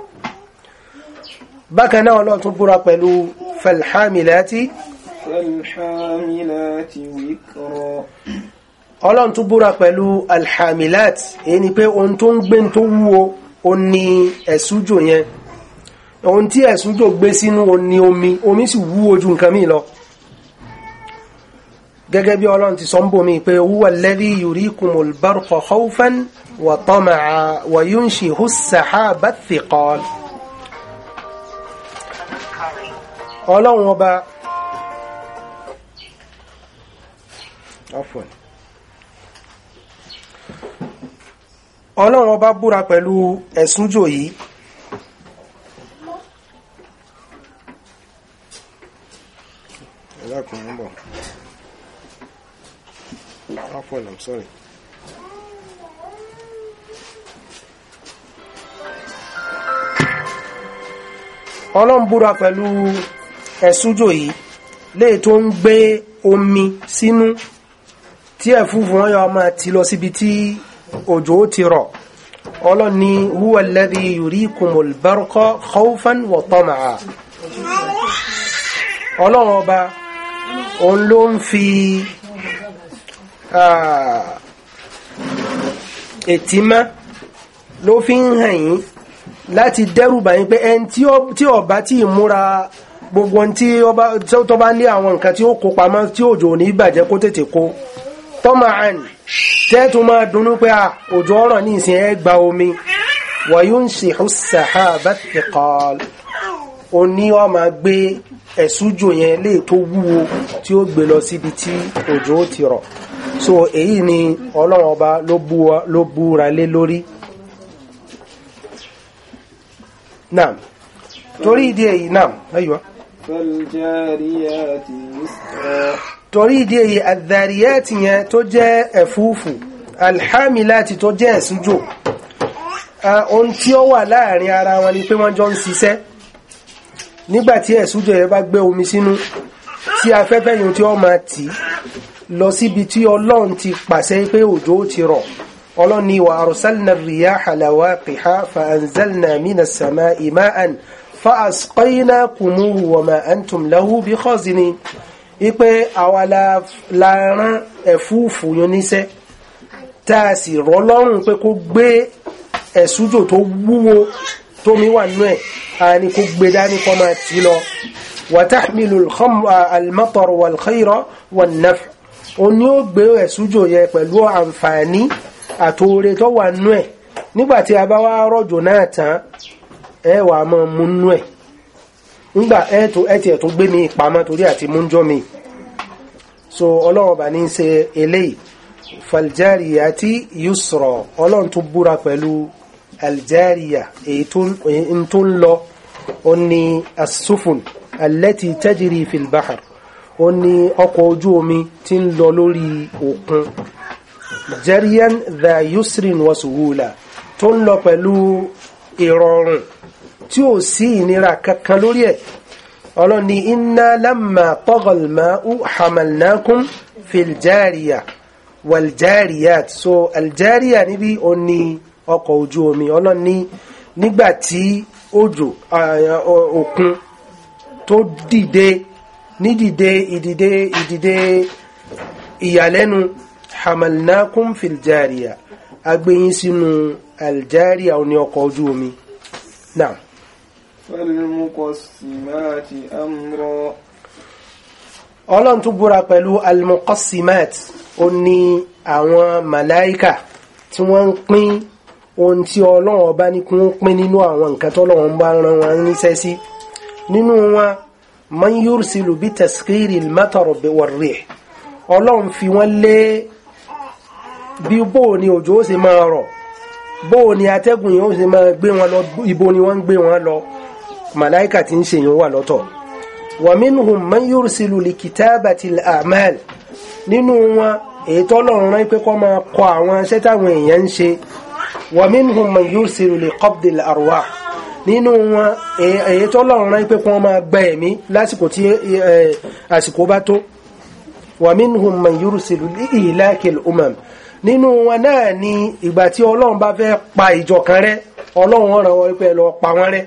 S1: bákan náà ọlọ́run tún búra pẹ̀lú falhamilati
S2: falhamilati wikra
S1: ọlọ́run tún búra pẹ̀lú alhamilat èyí ni pé ohun tó ń gbé tó wúwo ó ní ẹ̀sùjò yẹn ohun tí ẹ̀sùn jò gbé sínú ni omi omi sì wú ojú nǹkan míì lọ gẹ́gẹ́ bí ọlọ́run ti sọ ń bomi pé huwa alladhi yurikumul barqa khawfan wa tama'a wa yunshihu as ọlọ́run ọba búra pẹ̀lú ẹ̀sùn jò yìí
S2: ẹlẹ́kùnrin bọ̀ afọ́nà sorry.
S1: ọlọ́run búra pẹ̀lú ẹ̀sújò yìí léè tó ń gbé omi sínú tí ẹ̀fúfú wọn yọ máa ti lọ síbi tí òjò ti rọ̀ ọlọ́run ni huwa alladhi yurikumul barqa khawfan wa ọlọ́run ọba òun ló ń fi ah, ètímá ló fi ń hàn yín láti dẹ́rùbà yín pé ẹni tí ọba tí ìmúra gbogbo tí tó bá ní àwọn nǹkan tí ó kó pamọ́ tí òjò ní ìbàjẹ́ kó tètè kó tọ́mà àn tẹ́tù máa dunnú pé ah, òjò ọ̀rọ̀ ní ìsìn ẹ gba omi wàyún sì hùsàhà bá ti kọ́ ó ní ó máa gbé ẹ̀sùjò yẹn léè tó wúwo tí ó gbé lọ síbi tí òjò ti rọ̀ so èyí ni ọlọ́run ọba ló búra lé lórí náà torí ìdí èyí náà ayọ́ torí ìdí èyí àdàríyàtì yẹn tó jẹ́ ẹ̀fúùfù alhamilati tó jẹ́ ẹ̀sùjò ohun tí ó wà láàrin ara wọn ni pé wọ́n jọ ń ṣiṣẹ́ nígbàtí ẹ̀sùjọ yẹn bá gbé omi sínú tí afẹ́fẹ́ yìí tí ó máa tì lọ síbi tí ọlọ́run ti pàṣẹ pé òjò ti rọ̀ ọlọ́run ni wa arsalna riyaha lawaqiha fa anzalna minas samai ma'an fa asqaynakumuhu wa ma antum lahu bi khazinin ipe àwa la ẹ̀fúùfù yọ níṣẹ́ tá a sì rọ̀ lọ́rùn pé kó gbé ẹ̀sùjò tó wúwo tómi wà nú ẹ̀ àní kó gbé dání kọ́ máa tì lọ wàtàmìlù almọ́tọ̀rọ̀ wàlxẹ́rọ̀ wà nàfẹ́ o ní ó gbé ẹ̀sùjò yẹ pẹ̀lú àǹfààní àtòrè tó wà nú ẹ̀ nígbàtí a bá wá rọ̀jò náà tán ẹ wà mọ́ mú nú ẹ̀ nígbà ẹ tó ẹ tiẹ̀ tó gbé mi ìpamọ́ torí àti múnjọ́ mi so ọlọ́run bá ní í ṣe eléyìí fàlìjárì àti yusrọ̀ ọlọ́run tó búra pẹ̀lú aljariya èyí tó ń lọ ó ní asufun alẹ́tì tajiri filbahar ó ní ọkọ̀ ojú omi tí ń lọ lórí òkun jariyan dha yusrin wa suhula tó ń lọ pẹ̀lú ìrọ̀rùn tí ó sí ìnira kankan lórí ẹ̀ ọlọ́ni inna lamma taghal ma'u hamalnakum fil so al jariya níbi ó ní ọkọ̀ ojú omi ọlọ́run ní nígbà tí òjò òkun tó dìde ní dìde ìdìde ìdìde ìyàlẹ́nu hamalnakum fil jariya agbẹ́yìn sínú aljariya ní ọkọ̀ ojú omi náà
S2: falmuqassimati amra
S1: ọlọ́run tún búra pẹ̀lú almuqassimat ó ní àwọn màláíkà tí wọ́n ń pín ohun tí ọlọ́run ọba ní kún pín nínú àwọn nǹkan tọ́lọ́run bá ran wọn níṣẹ́ sí nínú wọn man yursilu bi taskiri al-matar war-rih ọlọ́run fi wọ́n lé bí bóò ni òjò ó sì máa rọ̀ bóò ni atẹ́gùn yìí ó sì máa gbé wọn lọ ibo ni wọ́n ń gbé wọn lọ màláìkà tí ń ṣe yìí wà lọ́tọ̀ wa minhum man yursilu li kitabati al-a'mal nínú wọn èyí tọ́lọ́run rán pé kó máa kọ àwọn iṣẹ́ táwọn èèyàn ń ṣe ومنهم من يرسل لقبض li qabdi al-arwah nínú wọn èyí tó lọ́rùn rán pé kí wọ́n máa gba ẹ̀mí lásìkò tí àsìkò bá tó wa minhum man yursilu li ihlaki al-umam nínú wọn náà ni ìgbà tí ọlọ́run bá fẹ́ pa ìjọ kan rẹ́ ọlọ́run rán wọn pé lọ pa wọ́n rẹ́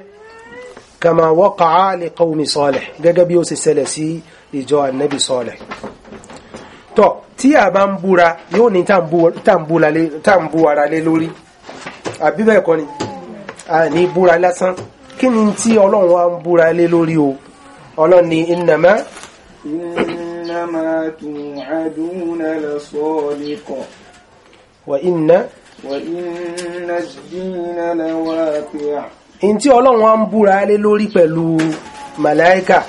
S1: kama waqa'a li qawmi Salih gẹ́gẹ́ bí ó sì ṣẹlẹ̀ sí ìjọ ànábì Salih tọ́ tí a bá ń búra yóò ní tá ń bú ara lé lórí àbí bẹ́ẹ̀ kọ́ ni a ní búra lásán kí ni tí ọlọ́run wa ń búra lé lórí o ọlọ́run ni innama
S2: innama tu'aduna lasadiqa wa inna wa inna ad-dina
S1: in tí ọlọ́run wa ń búra lé lórí pẹ̀lú màláíkà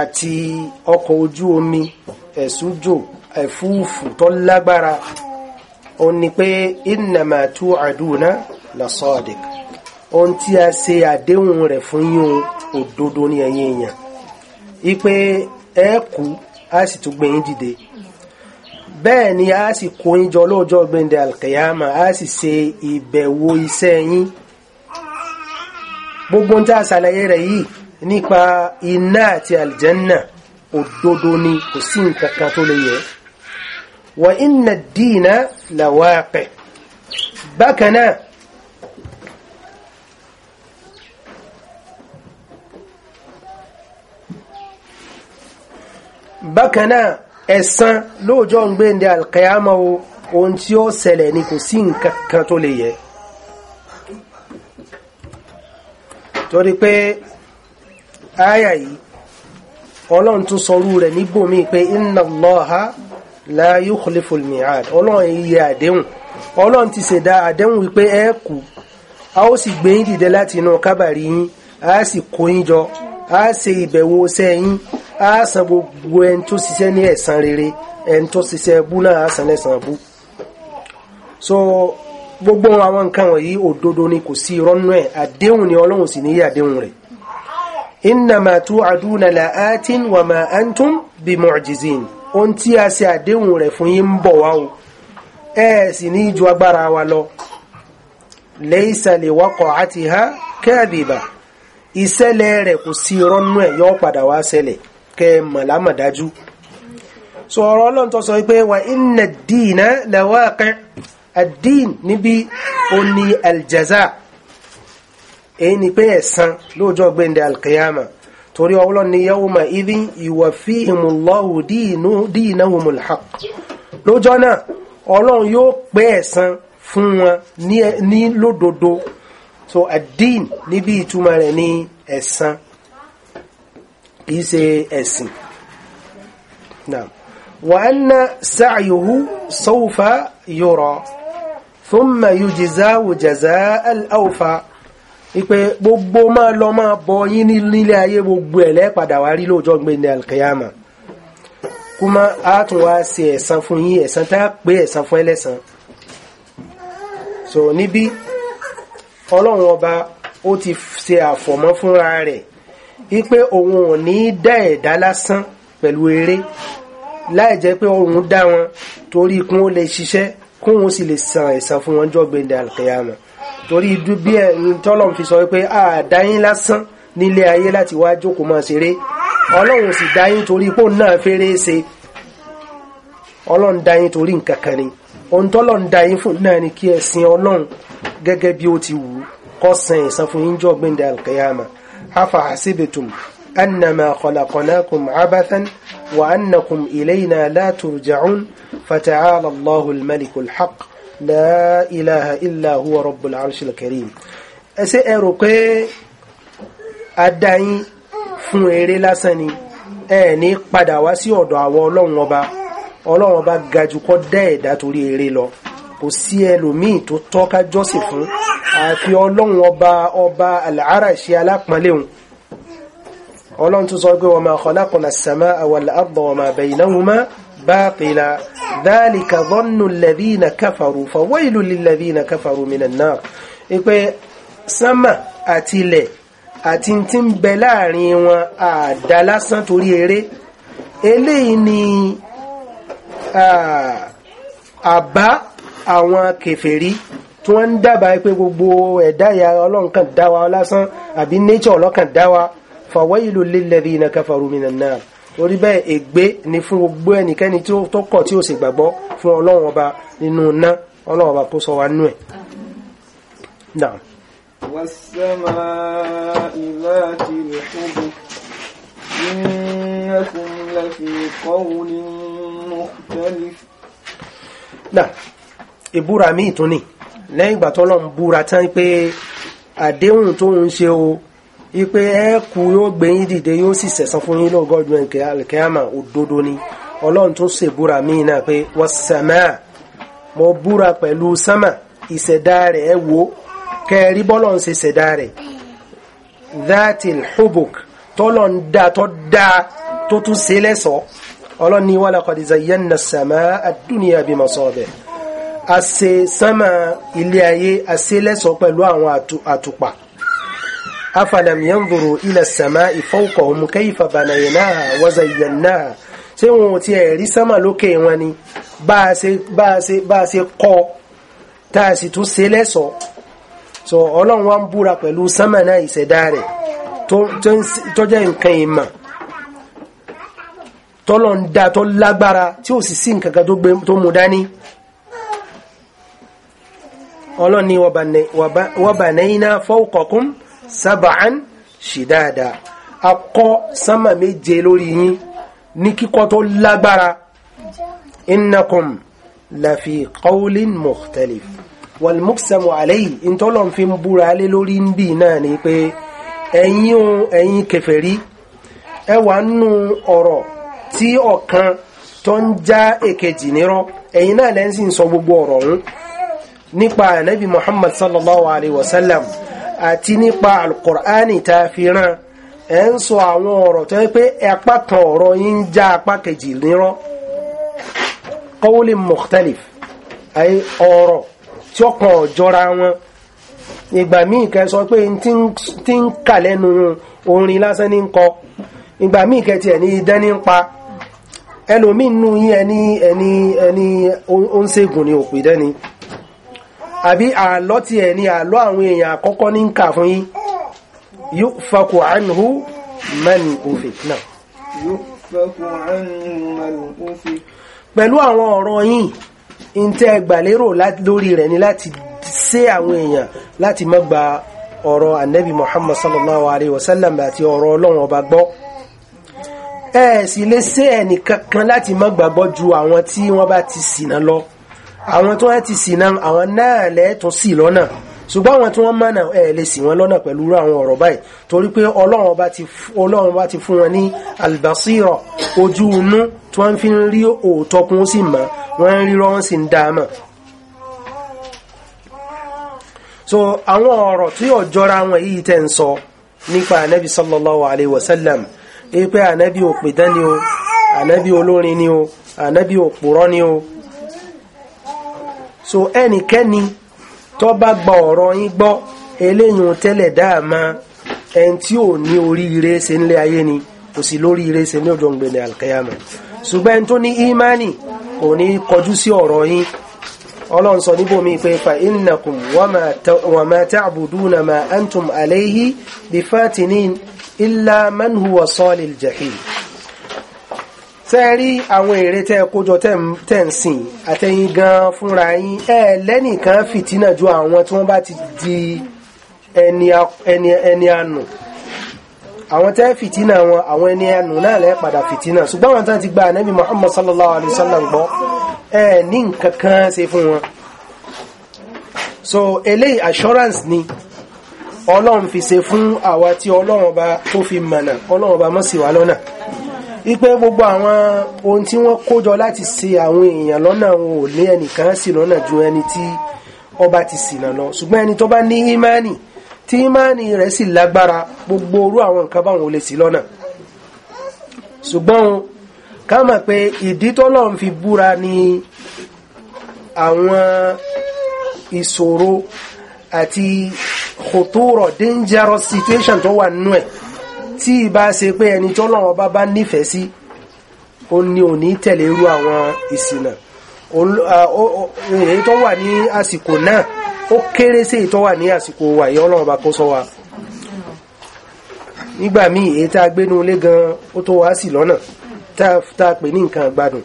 S1: àti ọkọ̀ ojú omi ẹ̀sújò ẹ̀fúùfù tó lágbára òun ni pé innama tu'aduna la sadiq ohun tí a ṣe àdéhùn rẹ̀ fún yín òdodo ní ẹ̀yin èèyàn ipe ẹ kú a sì tún gbé yín dìde bẹ́ẹ̀ ni a sì kó yín jọ lọ́jọ́ gbẹ̀ndẹ̀ alkiyama a sì ṣe ìbẹ̀wò iṣẹ́ yín gbogbo ń tá a ṣàlàyé rẹ̀ yìí nípa iná àti aljanna òdodo ni kò sí nǹkan kan tó lè yẹ wa inna ad-dina lawaqi bákan náà bákan náà ẹ̀san lóòjọ́ ń gbé ndé al-qiyama ohun tí ó ṣẹlẹ̀ ni kò sí nǹkan tó lè yẹ torí pé áyà ọlọ́run tún sọrú rẹ̀ níbòmí pé inna Allaha la yukhlifu al-mi'ad ọlọ́run iye àdéhùn ọlọ́run ti ṣẹ̀dá àdéhùn wípé ẹ kú a ó sì gbé yín dìde láti inú kábàrí yín a sì kó yín jọ a ṣe ìbẹ̀wò sẹ́yìn a san gbogbo ẹni tó ṣiṣẹ́ ní ẹ̀san rere ẹni tó ṣiṣẹ́ bú náà a san lẹ́san bú so gbogbo àwọn nǹkan wọ̀nyí òdodo ni kò sí irọ́ nínú ẹ̀ àdéhùn ni ọlọ́run sì ní yí àdéhùn rẹ̀ innama tu'aduna la'atin wa ma antum bimu'jizin ohun tí a ṣe àdéhùn rẹ̀ fún yín ń bọ̀ wá o ẹ sì ní ju agbára wa lọ laysa li waqa'atiha kadhiba ìṣẹ̀lẹ̀ rẹ̀ kò sí rọ́nú ẹ̀ yọ padà wá ṣẹlẹ̀ kẹ́ ẹ mọ̀ sọ ọ̀rọ̀ ọlọ́run sọ pé wa inna ad-dina lawaqi' ad níbi òní aljaza èyí ni pé ẹ̀san lọ́jọ́ gbẹ̀ndẹ̀ alqiyama torí ọlọ́run ni yawma idhin yuwaffihimullahu dinahumul haqq lọ́jọ́ náà ọlọ́run yóò pé ẹ̀san fún wọn ní lódodo so ad-din níbi ìtumọ̀ rẹ̀ ní ẹ̀san kìí ṣe ẹ̀sìn wa anna sa'yuhu sawfa yura thumma yujzahu jazaa'al awfa. ipe gbogbo máa lọ máa bọ yín nílé ayé gbogbo ẹ̀ lẹ́ẹ̀padà wá rí lóòjọ́ gbé ní alkiyama kúmọ́ á tún wá ṣe ẹ̀san fún yín ẹ̀san tá a pé ẹ̀san fún ẹlẹ́san so níbí ọlọ́run ọba ó ti ṣe àfọ̀mọ́ fúnra rẹ̀ ipe òun ò ní dá ẹ̀dá lásán pẹ̀lú eré láì jẹ́ pé òun dá wọn torí kún ó lè ṣiṣẹ́ kún òun sì lè san ẹ̀san fún wọn jọ́gbẹ̀ndẹ̀ alkiyama torí bí ẹ̀yin tọ́lọ́run fi sọ wípé àdáyín lásán nílé ayé láti wá jókòó máa ṣeré ọlọ́run sì dáyín torí pò náà fẹ́rẹ́ ṣe ọlọ́run dáyín torí nǹkan kan ni ohun tọ́lọ́run dáyín fún náà ni kí ẹ sin ọlọ́run gẹ́gẹ́ bí ó ti wù ú kó san ẹ̀san fún yín jọ́ gbẹ̀ndẹ̀ alkiyama afa hasibitum annama khalaqnakum abathan wa annakum ilayna la turja'un fata'ala allahu almalikul haqq la ilaha illa huwa rabbul arshil karim ẹsẹ́ ẹ rò pé adáyín fún eré lásán ni ẹ ní padà wá sí ọ̀dọ̀ àwọn ọlọ́run ọba ọlọ́run ọba gajù kọ́ dá ẹ̀dá torí eré lọ kò sí ẹlòmíì tó tọ́ka jọ́sìn fún àfi ọlọ́run ọba ọba al-arashi alápọ̀nléhùn ọlọ́run tó sọ wa ma khalaqna as-samaa wal-arda wa ma baynahuma baatila ذلك ظن الذين كفروا فويل للذين كفروا من النار ipe sama àti ilẹ̀ àti tí ń bẹ láàrin wọn àdá lásán torí eré eléyìí ni àbá àwọn kèfèrí tí wọ́n ń dábàá pé gbogbo ẹ̀dá ọlọ́run kan dá wa àbí nature ọlọ́kàn dá wa فويل للذين كفروا من النار orí bẹ́ẹ̀ ègbé ni fún gbogbo ẹnikẹ́ni tó kọ̀ tí ó sì gbàgbọ́ fún ọlọ́run ọba nínú ná ọlọ́run ọba kó sọ wa nú ẹ̀.
S2: والسماء ذات الحبك
S1: ìbúra míì tún ni lẹ́yìn ìgbà tó lọ́n búra tán pé àdéhùn tó ń ṣe o ipe ẹ kú yóò gbẹ̀yìn dìde yóò sì sẹ̀san fún yín lọ́gọ́ ọdún ẹ̀kẹ́yàmà òdodo ni ọlọ́run tó ṣe búra míì náà pé wọ́n sàmà mo búra pẹ̀lú sámà ìṣẹ̀dá rẹ̀ ẹ wo kẹrí bọ́lọ̀ ń ṣe ṣẹ̀dá rẹ̀ dhatil hubuk tọ́lọ̀ ń da tọ́ da tó tún ṣe lẹ́sọ̀ọ́ ọlọ́run ní wàlá kọ́dí zayyana sàmà àdúnyà bí masọ́bẹ̀ a ṣe sámà ilé ayé a ṣe lẹ́sọ̀ọ́ àwọn àtùpà. Atu, afalam yanzuru ila samai fawqahum kayfa banaynaha wa zayyanaha ṣé wọn ti ẹ̀ ti sánmà lókè wọn ni ba ṣe bá ṣe bá ṣe kọ́ tá sì tún ṣe lẹ́ṣọ̀ so Ọlọ́run wa ń búra pẹ̀lú sánmà náà ìṣẹ̀dá rẹ̀ tó tó jẹ́ nǹkan ìmọ̀ tọ́lọ̀ ń da tó lágbára tí ò sì sí nǹkan kan wa mú dání ọlọ́ni wàbànẹ́yìnà fawqakum sab'an shidada akọ́ sánmà méje lórí yín ní kíkọ́ tó lágbára innakum lafi qawlin mukhtalif wal muqsamu alayhi in tọ́lọ̀ fi ń búra lé lórí ń bí náà ni pé ẹ̀yin o ẹ̀yin kèfèrí ẹ wà nù ọ̀rọ̀ tí ọ̀kan tó ń já èkejì nírọ́ ẹ̀yin náà lẹ́yìn sì ń gbogbo ọ̀rọ̀ ọ̀hún nípa ànábì muhammad sallallahu alayhi wa àti nípa alukur'ani tá a fi rán ẹ̀ ń sọ àwọn ọ̀rọ̀ tó yẹ pé apá kan ọ̀rọ̀ yín ń já apá kejì nírọ́ qawli mukhtalif àyè ọ̀rọ̀ tí ọkàn ọ̀jọ́ra wọn ìgbà míì kẹ sọ pé tí ń kà lẹ́nu orin lásán ní kọ ìgbà míì kẹ tiẹ̀ ní idán ní pa ẹlòmíì nù ẹni ẹni ẹni ó ń ṣègùn ní òpìdán ni àbí àlọ́ tiẹ̀ ni àlọ́ àwọn èèyàn àkọ́kọ́ ní ń kà fún yín yufaku anhu man ufik náà
S2: yufaku anhu man ufik
S1: pẹ̀lú àwọn ọ̀rọ̀ yín ń tẹ́ gbàlérò lórí rẹ̀ ni láti ṣe àwọn èèyàn láti má gba ọ̀rọ̀ annabi muhammad sallallahu alaihi wasallam àti ọ̀rọ̀ ọlọ́run ọba gbọ́ ẹ sì lè ṣe ẹnì kankan láti má gbàgbọ́ ju àwọn tí wọ́n bá ti ṣìnà lọ àwọn tó wá ti sì náà àwọn náà lẹ́ẹ̀tún sí lọ́nà ṣùgbọ́n àwọn tí wọ́n mọ̀nà ẹ̀ lè sì wọ́n lọ́nà pẹ̀lú àwọn ọ̀rọ̀ báyìí torí pé ọlọ́run bá ti fún wọn ní albasira ojú inú tí wọ́n fi ń rí òótọ́ kún sí mọ́ wọ́n ń rírọ́ wọ́n sì ń dá mọ̀. so àwọn ọ̀rọ̀ tí yóò jọra wọn yìí tẹ́ ń sọ nípa anabi sallallahu alayhi wa sallam èyí pé anabi òpìdán ni o anabi olórin ni o anabi òpùrọ́ ni o so ẹnikẹ́ni tó bá gba ọ̀rọ̀ yín gbọ́ eléyìn tẹ́lẹ̀ dáàmà ẹni tí ò ní oríire ṣe nílé ayé ni kò sí lóríire ṣe ní ọjọ́ ìgbẹ̀lẹ̀ alkayama ṣùgbọ́n ẹni tó ní imani kò ní kọjú sí ọ̀rọ̀ yín ọlọ́run sọ níbò mí pé fa innakum wa ma ta'buduna ma antum alayhi bifatinin illa man huwa salil jahim tẹ́ rí àwọn èrè tẹ́ kójọ tẹ́ ń sìn àtẹ̀yìn gan fúnra yín ẹ lẹ́nìkan fìtínà ju àwọn tí wọ́n bá ti di ẹni ànù àwọn tẹ́ fìtínà wọn àwọn ẹni ànù náà lẹ́ padà fìtínà ṣùgbọ́n wọn tán ti gba ànábì Muhammad sallallahu alayhi wa sallam gbọ́ ẹ ní nǹkan kan ṣe fún wọn so eléyìí assurance ni ọlọ́run fi ṣe fún àwa tí ọlọ́run ọba tó fi mọ̀nà ọlọ́run ọba mọ̀ sí wa lọ́nà wípé gbogbo àwọn ohun tí wọ́n kójọ láti ṣe àwọn èèyàn lọ́nà wọn ò lé ẹnìkan sí lọ́nà ju ẹni tí ọba ti ṣìnà lọ ṣùgbọ́n ẹni tó bá ní ímánì tí ímánì rẹ̀ sì lágbára gbogbo orú àwọn nǹkan báwọn ò lè sí lọ́nà ṣùgbọ́n ká mọ̀ pé ìdí tọ́lọ́run fi búra ni àwọn ìṣòro àti kòtòrò dangerous situation tó wà nínú ẹ̀ tí ìbá ṣe pé ẹni tí Ọlọ́run ọba bá nífẹ̀ẹ́ sí ó ní òní tẹ̀lé irú àwọn ìsìnà èyí tó wà ní àsìkò náà ó kéré sí èyí tó wà ní àsìkò wà yìí Ọlọ́run ọba kó sọ wa nígbà míì èyí tá a gbénu ilé gan ó tó wá sí lọ́nà tá a pè ní nǹkan àgbàdùn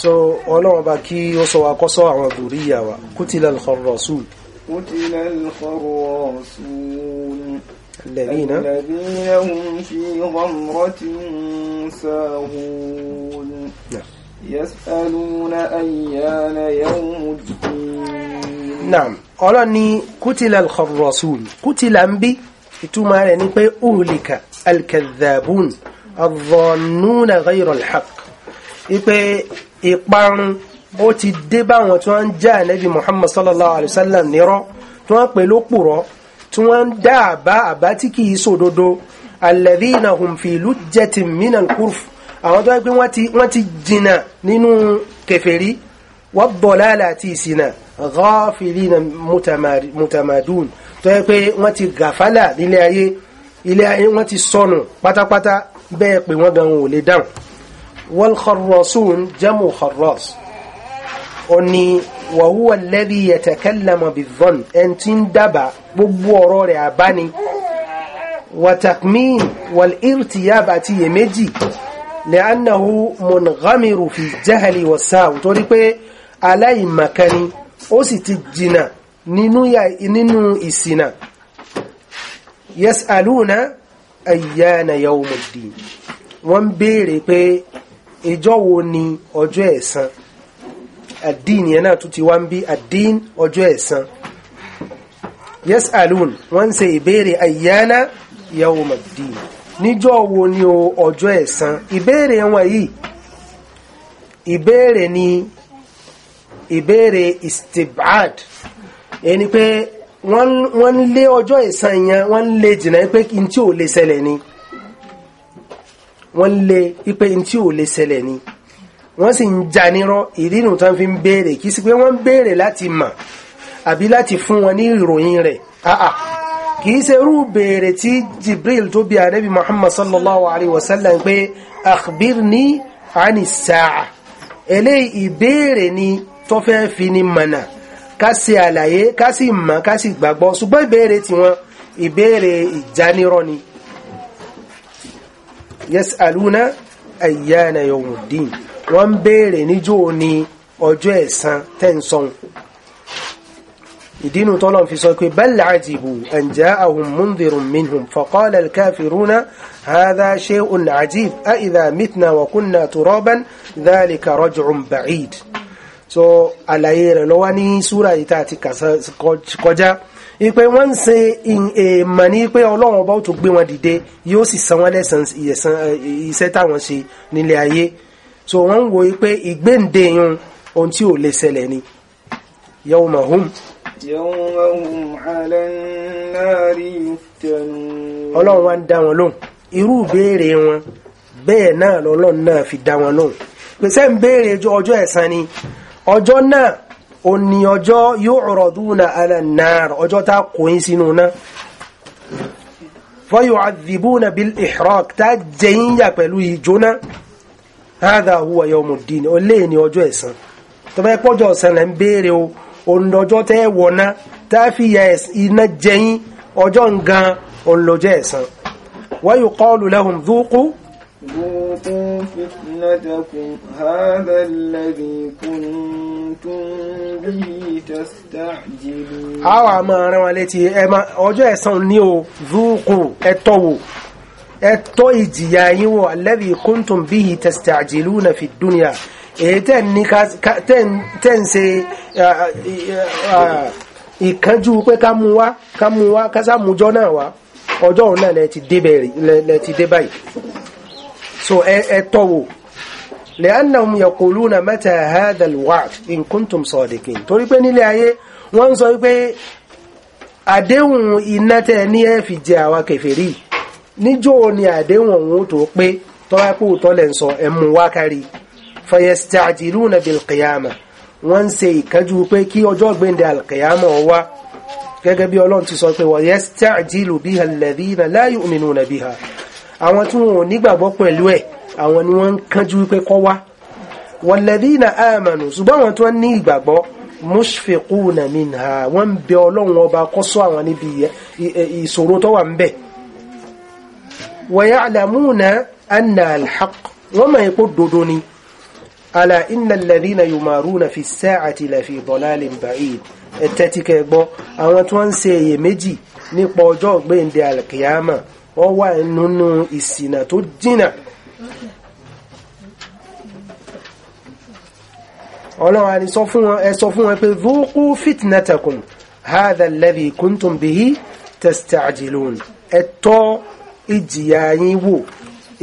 S1: so Ọlọ́run ọba kí ó sọ wa kó sọ àwọn dhuriyya wa kútìlẹ̀ al-kharrasun.
S2: kútìlẹ̀ al-kharrasun. الذين الذين هم في غمرة ساهون نعم. يسألون أيان يوم الدين
S1: نعم قال أني قتل الخراسون قتل أنبي إتوما يعني بي أهلك الكذابون الظانون غير الحق إبي إقبان ó ti dé báwọn tí wọ́n ń jẹ́ ànábì muhammad sallallahu alayhi wa sallam nírọ̀ tí wọ́n pè lókùrọ̀ tí wọ́n ń dá àbá àbá tí kì í sòdodo alladhina hum fi lujjatin minal kurf àwọn tó wá pé wọ́n ti jìnà nínú kèfèrí wọ́n bọ̀lálà àti ìsìnà ghafilina mutamadun tó yẹ pé wọ́n ti gàfálà nílé ayé ilé ayé wọ́n ti sọnù pátápátá bẹ́ẹ̀ pé wọ́n gan ò lè dáhùn wal kharrasun jamu kharras ó ní wa huwa alladhi yatakallama bidhann ẹni tí ń dábàá gbogbo ọ̀rọ̀ rẹ̀ àbáni wa takmin wal irtiyab àti iyèméjì li'annahu munghamiru fi jahli wa sawu torí pé aláìmàkani ó sì ti jìnà nínú ìsìnà yas'aluna ayyana yawmuddin wọ́n béèrè pé ìjọ́ ni ọjọ́ ẹ̀san àdín yẹn náà tún ti wá ń bí àdín ọjọ́ ẹ̀san yas'alun wọ́n ń ṣe ìbéèrè ayyana yawmaddin níjọ́ wo ni o ọjọ́ ẹ̀san ìbéèrè wọn yìí ìbéèrè ni ìbéèrè istibad ẹni pé wọ́n ń lé ọjọ́ ẹ̀san yẹn wọ́n ń lé jìnnà pé n tí ò lè ṣẹlẹ̀ ni wọ́n ń lé pé n tí ò lè ṣẹlẹ̀ ni wọ́n sì ń ja nírọ́ ìdínú tó ń fi ń béèrè kìí sí pé wọ́n ń béèrè láti mà àbí láti fún wọn ní ìròyìn rẹ̀ àà kìí ṣe irú béèrè tí Jibril tó bi ànábì Muhammad sallallahu alayhi wa sallam pé akhbirni ani sa'a eléyìí ìbéèrè ni tó fẹ́ fi ni mọ̀nà ká ṣe àlàyé ká sì mọ̀ ká sì gbàgbọ́ ṣùgbọ́n ìbéèrè tiwọn ìbéèrè ìjánirọ́ ni yas'aluna ayyana yawmuddin wọ́n ń béèrè níjó ni ọjọ́ ẹ̀san tẹ́ǹsán ìdínú tọ́lọ̀ fi sọ pé bal ajibu an ja'ahum mundhirun minhum faqala al-kafiruna hadha shay'un ajib a idha mitna wa kunna turaban dhalika raj'un so àlàyé rẹ̀ ló wà ní súra yìí tá a ti kọjá ipe wọ́n ń ṣe èèmọ̀ ní pé ọlọ́run ọba ó tún gbé wọn dìde yóò sì san wọn lẹ́san iṣẹ́ táwọn ṣe nílé ayé so wọ́n ń wo pé ìgbéǹde yun ohun tí ò lè ṣẹlẹ̀ ni yawma hum.
S2: yawma hum ala nari yuftanun.
S1: ọlọ́run wá ń dá wọn lóhùn irú ìbéèrè wọn bẹ́ẹ̀ náà lọ́lọ́run náà fi dá wọn lóhùn pèsè ń béèrè ọjọ́ ẹ̀san ni ọjọ́ náà ó ní ọjọ́ yu'raduna ala nnar ọjọ́ tá a kò yín sínú náà fa yu'adhibuna bil ihraq tá a jẹ́yìn yà pẹ̀lú ìjóná hádà huwa yawmu ddin ó lé ní ọjọ́ ẹ̀san tó bá yẹ pọ́jọ́ ẹ̀san lẹ́ ń béèrè o òǹdọ̀jọ́ tẹ́ wọ̀ná tá a fi yà iná jẹyìn ọjọ́ nǹkan òǹlọ́jọ́ ẹ̀san wa yuqalu lahum dhuqu.
S2: dhuqu fitnatakum hadha alladhi kuntum bihi tasta'jilun.
S1: àwa máa rán wa létí ọjọ́ ẹ̀san ní o dhuqu ẹ tọ́ ìjìyà yín wọ̀ alladhi kuntum bihi tasta'jiluna fi dunya èyí tẹ́ ń ṣe ìkánjú pé ká mú wá ká mú wá ká sá mú jọ náà wá ọjọ́ òun náà lẹ ti dé báyìí so ẹ tọ́ wò lẹ́annahum yaquluna mata hadha alwa'd in kuntum sadiqin torí pé nílé ayé wọ́n ń sọ wípé àdéhùn iná tẹ́ ní ẹ fi jẹ àwa kèfèrí yìí níjọ́ ni àdéhùn ọ̀hún tó pé tọ́wá pé òótọ́ lẹ̀ ń sọ ẹ̀mú wákàrí fayastajiluna bilqiyama wọ́n ń ṣe ìkájú pé kí ọjọ́ gbẹ̀ndẹ̀ alqiyama wá gẹ́gẹ́ bí ọlọ́run ti sọ pé wa yastajilu biha alladhina la yu'minuna biha àwọn tí wọn ò nígbàgbọ́ pẹ̀lú ẹ̀ àwọn ni wọ́n ń kánjú pé kó wá walladhina amanu ṣùgbọ́n àwọn tí ní ìgbàgbọ́ mushfiquna minha wọ́n ń bẹ ọlọ́run ọba kó àwọn níbi ìṣòro tó wà ń bẹ̀ ويعلمون أن الحق وما يقددني ألا إن الذين يمارون في الساعة لفي ضلال بعيد التاتيك بو أما توانسي يمجي نقول جو بين دي القيامة وهو أنه السنة الجنة ọlọ́run àni sọ fún wọn ẹ sọ fún wọn pé dhuqu fitnatakum hadha bihi ẹ tọ́ ìjìyà yín wò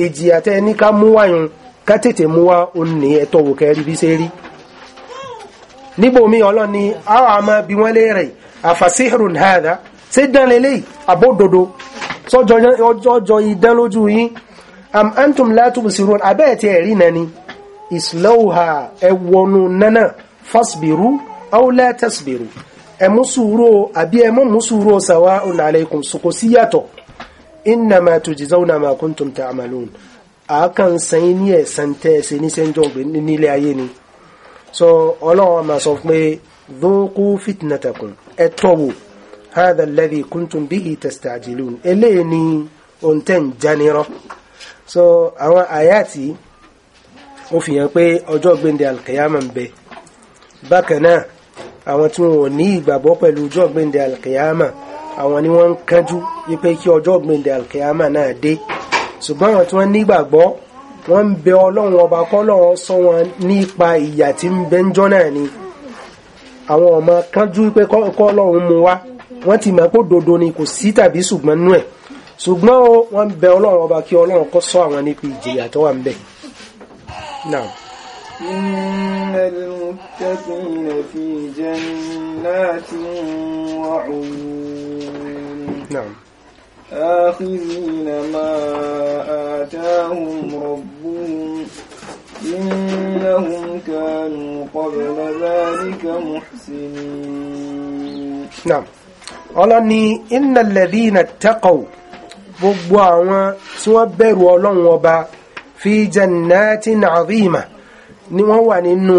S1: ìjìyà tẹ́ ní ká mú wáyun ká tètè mú wá òní ẹ̀tọ́ wò kẹ́rí bí ṣe rí níbòmí ọlọ́ni àwọn àmọ́ bí wọ́n lè rẹ̀ àfàṣíhìrùn hàdá ṣé dán lélẹ́yìí àbódodo sọ́jọ́ idán lójú yín am antum la tubsirun abẹ́ ti ẹ̀rí náà ni islauha ẹwọnu nánà fasbiru aw la tasbiru sùúrò àbí ẹmú sùúrò sàwá ọ̀nà àlẹ́kùn sùkò síyàtọ̀ innama tujzauna ma kuntum ta'malun àákàn sẹ́yìn ní ẹ̀sán tẹ́ ẹ ṣe ní sẹ́ńjọ́ nílé ayé ni so ọlọ́run máa sọ pé dhuqu fitnatakum ẹ tọ́wò hadha alladhi kuntum bihi tastajilun eléyìí ni ohun so àwọn àyàtì ó fi hàn pé ọjọ́ gbẹ̀ndẹ̀ alkiyama ń bẹ bákan náà àwọn tí wọn ò ní ìgbàgbọ́ pẹ̀lú àwọn ni wọ́n ń kánjú wípé kí ọjọ́ gbèndé alkiyama náà dé ṣùgbọ́n àwọn tí wọ́n nígbàgbọ́ wọ́n ń bẹ ọlọ́run ọba kọ́lọ́run sọ wọn nípa ìyà tí ń bẹ ńjọ́ náà ni àwọn ọmọ kánjú wípé kọ́lọ́run mú wá wọ́n ti mọ̀ pé dodo ni kò sí tàbí ṣùgbọ́n nú ẹ̀ ṣùgbọ́n wọ́n ń bẹ ọlọ́run ọba kí ọlọ́run kó sọ àwọn nípa ìjìyà tó wà ń bẹ.
S2: إن نعم آخذين ما آتاهم ربهم إنهم كانوا قبل ذلك محسنين
S1: نعم ọlọ́run إن الذين lẹ́dínà taqaw gbogbo àwọn tí wọ́n bẹ̀rù ọlọ́run ọba fi jannati na'zima ni wọ́n wà nínú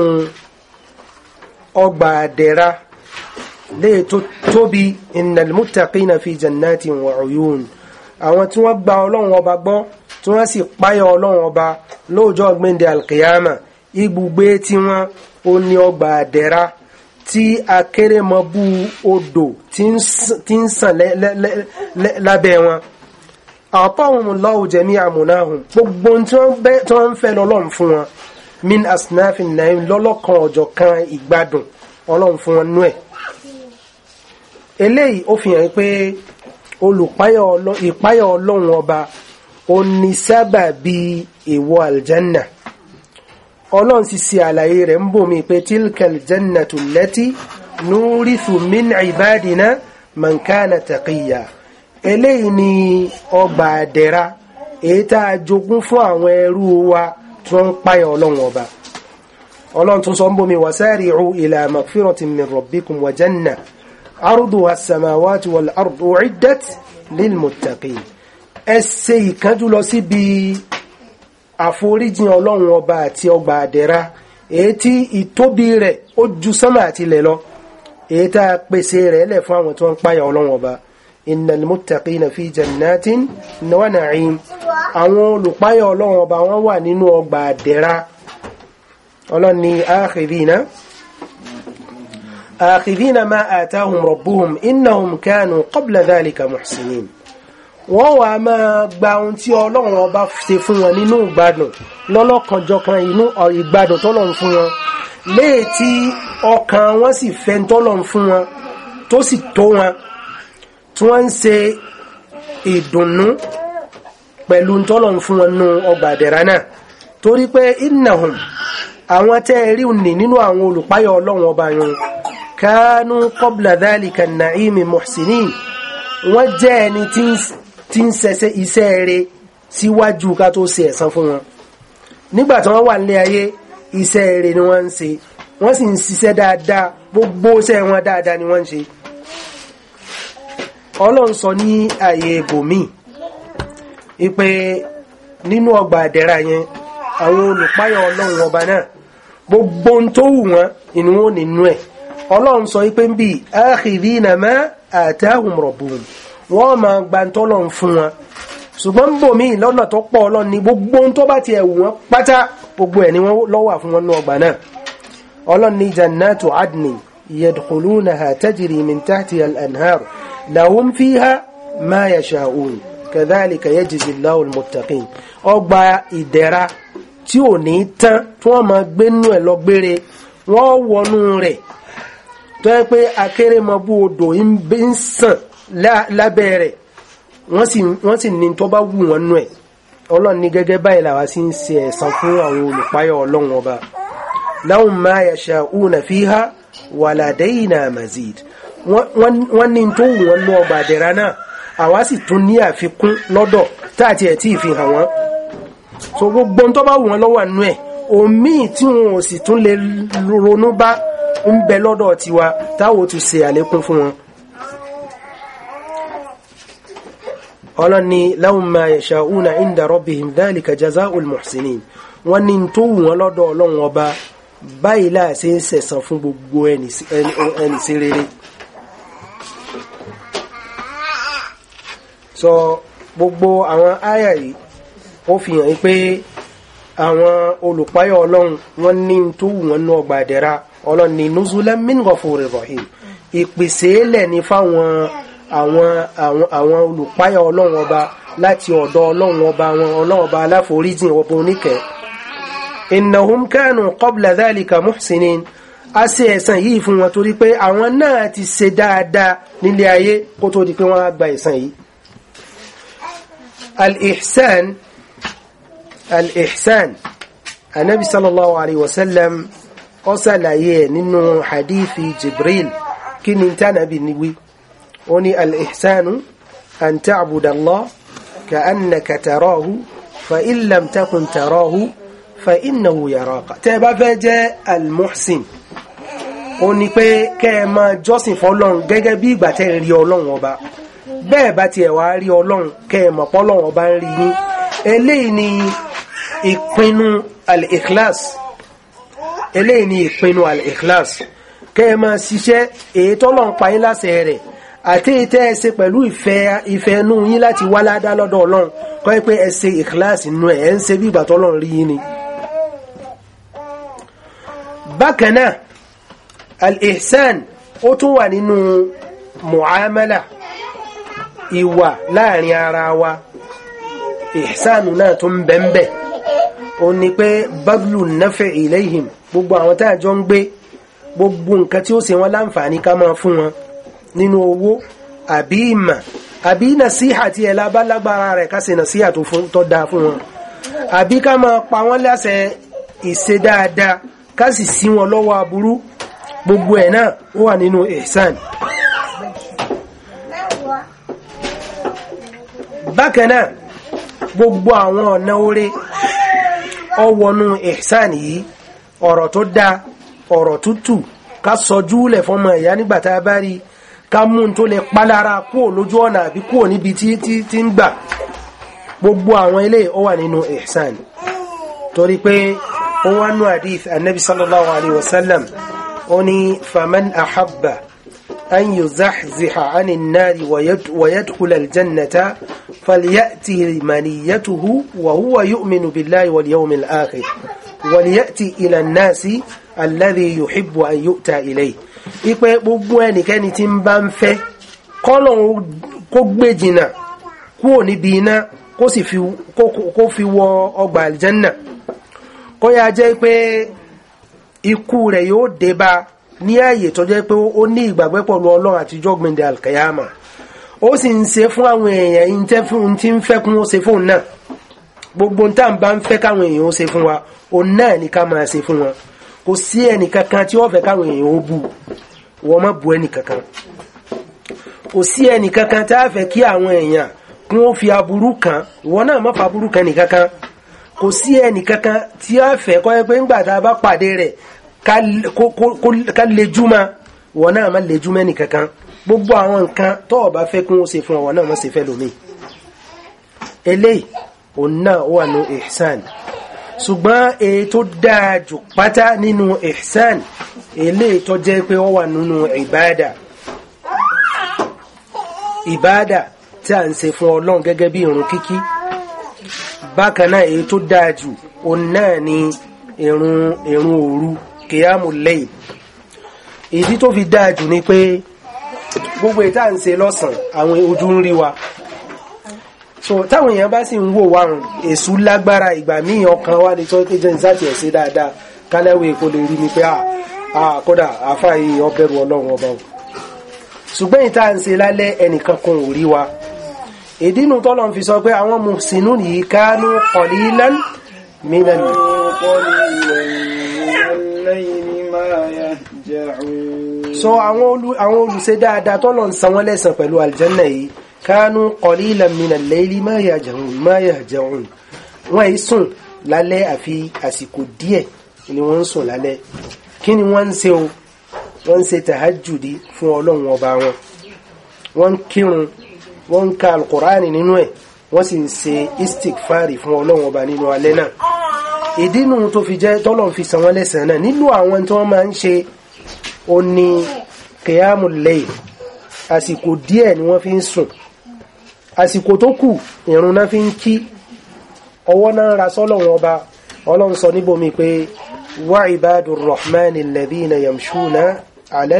S1: ọgbà àdẹ̀ra léè tó tóbi innal muttaqina fi jannatin wa uyun àwọn tí wọ́n gba ọlọ́run ọba gbọ́ tí wọ́n sì páyà ọlọ́run ọba lóòjọ́ gbẹ̀ndẹ̀ alkiyama ibùgbé tí wọ́n ó ní ọgbà àdẹ́ra tí akérèmọ́bù odò tí ń sàn lábẹ́ wọn àtọ́hùnmùláwù jẹ̀mí àmúnáhùn gbogbo tí wọ́n ń fẹ́ lọ́lọ́run fún wọn min asnafin naim lọ́lọ́kan ọ̀jọ̀ kan ìgbádùn ọlọ́run fún wọn nú ẹ̀ eléyìí ó fi hàn pé olùpáyọ̀ ìpáyọ̀ ọlọ́run ọba ó ní sábà bí èèwọ̀ aljanna ọlọ́run sì ṣe àlàyé rẹ̀ ń bòmí pé tilkal jannatu lẹ́tí nurithu min ibadina man kana taqiya eléyìí ni ọgbà àdẹ̀ra èyí tá a jogún fún àwọn ẹrú wa tí wọ́n ń páyọ̀ ọlọ́run ọba ọlọ́run tún sọ ń bòmí wasari'u ila magfiratin min rabbikum wa janna عرضها السماوات والأرض أعدت للمتقين ẹsẹ ìkánjú lọ síbi àforíjìn ọlọ́run ọba àti ọgbà àdẹ́ra èyí tí ìtóbi rẹ̀ ó ju sánmà àti ilẹ̀ lọ èyí tá a pèsè rẹ̀ lẹ̀ fún àwọn tó ń páyà ọlọ́run ọba innal muttaqina fi jannatin àwọn olùpáyà ọlọ́run ọba wọ́n wà nínú ọgbà àdẹ́ra ọlọ́ni akhidina آخذين ما آتاهم ربهم إنهم كانوا قبل ذلك محسنين wọ́n wàá máa gba ohun tí ọlọ́run ọba ṣe fún wọn nínú ìgbádùn lọ́lọ́kanjọkan inú ìgbádùn tọ́lọ́run fún wọn léè tí ọkàn wọn sì fẹ́ tọ́lọ́run fún wọn tó sì tó wọn tí wọ́n ń ṣe ìdùnnú pẹ̀lú tọ́lọ́run fún wọn nínú ọgbà àdẹ̀rà náà torí pé innahum àwọn tẹ́ ẹ nínú àwọn olùpáyọ̀ ọlọ́run ọba yẹn kánú qabla dhalika an-na'imi muhsinin wọ́n jẹ́ ẹni tí ń ṣẹṣẹ́ iṣẹ́ rẹ̀ síwájú ká tó ṣe ẹ̀san fún wọn nígbà tí wọ́n wà nílé ayé iṣẹ́ rẹ̀ ni wọ́n ń ṣe wọ́n sì ń ṣiṣẹ́ dáadáa gbogbo iṣẹ́ wọn dáadáa ni wọ́n ń ṣe ọlọ́run sọ ní ààyè ibòmíì ipe nínú ọgbà àdẹ́ra yẹn àwọn olùpáyọ̀ ọlọ́run ọba náà gbogbo ohun tó wù wọ́n inú wọn nínú ẹ̀ ọlọ́run sọ wípé ń bí akhidhina ma atahum rabbuhum wọ́n máa gbàǹtọ́ lọ́n fún wọn ṣùgbọ́n ń bò míì lọ́nà tó pọ̀ lọ ni gbogbo ohun tó bá ti ẹ̀wù wọn pátá gbogbo ẹ̀ ni wọ́n lọ́wọ́ fún wọn ní ọgbà náà ọlọ́run ní jannatu adni yadkhulunaha tajri min tahtiha al-anhar lahum fiha ma yasha'un kadhalika yajzi Allahu al-muttaqin ọgbà ìdẹ̀ra tí ò ní tán tí wọ́n máa gbénú ẹ̀ lọ gbére wọ́n wọnú rẹ̀ tó yẹ pé akérèmọ́bù odò ń sàn lábẹ́ rẹ̀ wọ́n sì ní tó bá wù wọ́n nú ẹ̀ ọlọ́run ní gẹ́gẹ́ báyìí làwa sì ń ṣe ẹ̀san fún àwọn olùpáyọ̀ ọlọ́run ọba lahum ma yasha'una fiha wa ladayna mazid wọ́n ní tó wù wọ́n nú ọba àdẹ̀rà náà àwa sì tún ní àfikún lọ́dọ̀ tá àti ẹ̀ tí ì fi hàn wọ́n so gbogbo tó bá wù wọ́n lọ́wọ́ nú ẹ̀ omi tí wọn ò sì tún lè ronú bá ń bẹ lọ́dọ̀ tiwa táwọn tún ṣe àlékún fún wọn ọlọ́ni lahum ma yasha'una inda rabbihim dhalika jaza'ul muhsinin wọ́n ní tó wù wọ́n lọ́dọ̀ ọlọ́run ọba báyìí láàṣẹ ń sẹ̀sán fún gbogbo ẹni sí rere so gbogbo àwọn áyà yìí ó fi hàn pé àwọn olùpáyọ̀ ọlọ́run wọ́n ní tó wù wọ́n nú ọgbà ìdẹ̀ra ọlọ́run ní nuzulan min ghafurir rahim ìpèsè lẹ̀ ní fáwọn àwọn àwọn olùpáyọ̀ ọlọ́run ọba láti ọ̀dọ̀ ọlọ́run ọba wọn ọlọ́run ọba aláforíjìn ọba oníkẹ́ innahum kanu qabla dhalika muhsinin a ṣe ẹ̀san yìí fún wọn torí pé àwọn náà ti ṣe dáadáa nílé ayé kó tó di pé wọ́n á gba ẹ̀san yìí al-ihsan al-ihsan anabi sallallahu alayhi wa sallam ó ṣàlàyé nínú hadithi jibril kí ni tánàbí níwí ó ní al-ihsanu an ta'buda Allah ka'annaka tarahu fa in lam takun tarahu fa innahu yaraka tẹ́ bá fẹ́ jẹ́ al-muhsin ó ní pé kẹ́ ẹ máa jọ́sìn fọ́lọ́run gẹ́gẹ́ bí ìgbà tẹ́ rí ọlọ́run ọba bẹ́ẹ̀ bá tiẹ̀ wá rí ọlọ́run kẹ́ ẹ mọ̀ pọ́lọ́run ọba ń rí yín eléyìí ni ìpinnu al-ikhlas eléyìí ni ìpinnu al-ikhlas kẹ́ ẹ máa ṣiṣẹ́ èyí tọ́lọ́run pa yín láṣẹ rẹ̀ àti ìtẹ́ ẹ ṣe pẹ̀lú ìfẹ́ ìfẹ́nú yín láti wá ládá lọ́dọ̀ ọlọ́run kọ́ ẹ pé ẹ ṣe ìkíláàsì nínú ẹ̀ ń ṣe bí ìgbà tọ́lọ́run rí yín ni. bákan náà al-ihsan ó tún wà nínú mu'amala ìwà láàrin ara wa ihsan náà tún bẹ́ẹ̀ bẹ́ẹ̀ òun ni pé bablu nafe ilayhim gbogbo àwọn tá a jọ ń gbé gbogbo nǹkan tí ó ṣe wọn láǹfààní ká máa fún wọn nínú owó àbí ìmà àbí nàṣíhà tí ẹ lábá lágbára rẹ̀ ká ṣe nàṣíhà tó dáa fún wọn àbí ká máa pa wọ́n láṣẹ ìṣe dáadáa ká sì sí wọn lọ́wọ́ aburú gbogbo ẹ̀ náà ó wà nínú ihsan. bákan náà gbogbo àwọn ọ̀nà oore ọwọ́nú ihsan yìí ọ̀rọ̀ tó dá ọ̀rọ̀ tútù ká sọjú lẹ̀ fọmọ ìyá nígbà tá a bá rí ká mú un tó lè pálára kúò lójú ọ̀nà àbí kúò níbi tí tí tí ń gbà gbogbo àwọn ilé ó wà nínú ihsan torí pé ó wá nú hadith anabi sallallahu alayhi wa sallam ó ní faman ahabba an yuzahziha anin nari wa yadkhula aljannata فليأتي منيته وهو يؤمن بالله واليوم الآخر وليأتي إلى الناس الذي يحب أن يؤتى إليه ipe gbogbo ẹnikẹ́ni tí ń bá ń fẹ́ kọ́lọ̀n kó gbé jìnà kúrò níbi iná kó sì fi wọ ọgbà àlìjánà kó yá jẹ́ pé ikú rẹ̀ yóò dé ní ààyè tó jẹ́ pé ó ní ìgbàgbẹ́ pẹ̀lú Ọlọ́run àtijọ́ gbìndẹ̀ alkayama ó sì ń ṣe fún àwọn èèyàn yìí tẹ́ fún tí ń fẹ́ kún ó ṣe fóun náà gbogbo tá à ń bá ń fẹ́ káwọn èèyàn ó ṣe fún wa òun náà ni ká máa ṣe fún wọn kò sí ẹnìkankan tí wọ́n fẹ́ káwọn èèyàn ó bu wọ́n má bu ẹnìkankan kò sí ẹnìkankan tá a fẹ́ kí àwọn èèyàn kún ó fi aburú kan ìwọ náà má fa aburú kan nìkankan kò sí ẹnìkankan tí a fẹ́ kọ́ ẹ pé ńgbà tá a bá pàdé rẹ̀ ká lejúmọ́ ìwọ náà má lejúmọ́ ẹnìkankan gbogbo àwọn nǹkan tó o bá fẹ́ kí wọ́n ṣe fún ọwọ́ náà wọ́n ṣe fẹ́ lómi eléyìí òun náà wà ní ihsan ṣùgbọ́n èyí tó dáa jù pátá nínú ihsan eléyìí tó jẹ́ pé wọ́n wà nínú ìbáàdà ìbáàdà tí a ń ṣe fún ọlọ́run gẹ́gẹ́ bí irun kíkí bákan náà èyí tó dáa jù òun ni irun irun òru kìyàmù lẹ́yìn ìdí tó fi dáa jù ni pé gbogbo ìta ń ṣe lọ́sàn àwọn ojú ń rí wa so táwọn èèyàn bá sì ń wò wá rùn èṣù lágbára ìgbà míì ọkàn wa ni tọ́jú jẹ́ ìsáàtì ẹ̀ ṣe dáadáa kálẹ́wé kò lè rí ni pé à ah, ah, kódà àáfàá yìí ọbẹ̀rù ọlọ́run ọba o ṣùgbọ́n ìta ń ṣe lálẹ́ ẹnìkan kan ò rí wa ìdínú tọ́lọ̀ fi sọ pé àwọn mùsùlùmí nìyí kánú qalilan minan.
S2: qalilan min al-layli ma yahja'un
S1: so àwọn olùṣe dáadáa tọ́lọ̀ ń san wọ́n lẹ́sàn pẹ̀lú aljanna yìí kánú qalilan minal layli ma yahjaun ma yahjaun wọ́n yìí sùn lálẹ́ àfi àsìkò díẹ̀ ni wọ́n ń sùn lálẹ́ kí ni wọ́n ń ṣe o wọ́n ń ṣe tàhájùdí fún ọlọ́run ọba wọn wọ́n ń kírun wọ́n ń ka alkùránì nínú ẹ̀ wọ́n sì ń ṣe istikfari fún ọlọ́run ọba nínú alẹ́ náà ìdí nù tó fi jẹ́ tọ́lọ̀ fi san wọ́n lẹ́sàn náà nínú àwọn tí wọ́n máa ń ṣe ó ní kìyàmù lẹ́yìn àsìkò díẹ̀ ni wọ́n fi ń sùn àsìkò tó kù ìrun náà fi ń kí ọwọ́ náà ra sọ́lọ́run ọba ọlọ́run sọ níbomi pé wa ibadu rahman alladhina yamshuna ala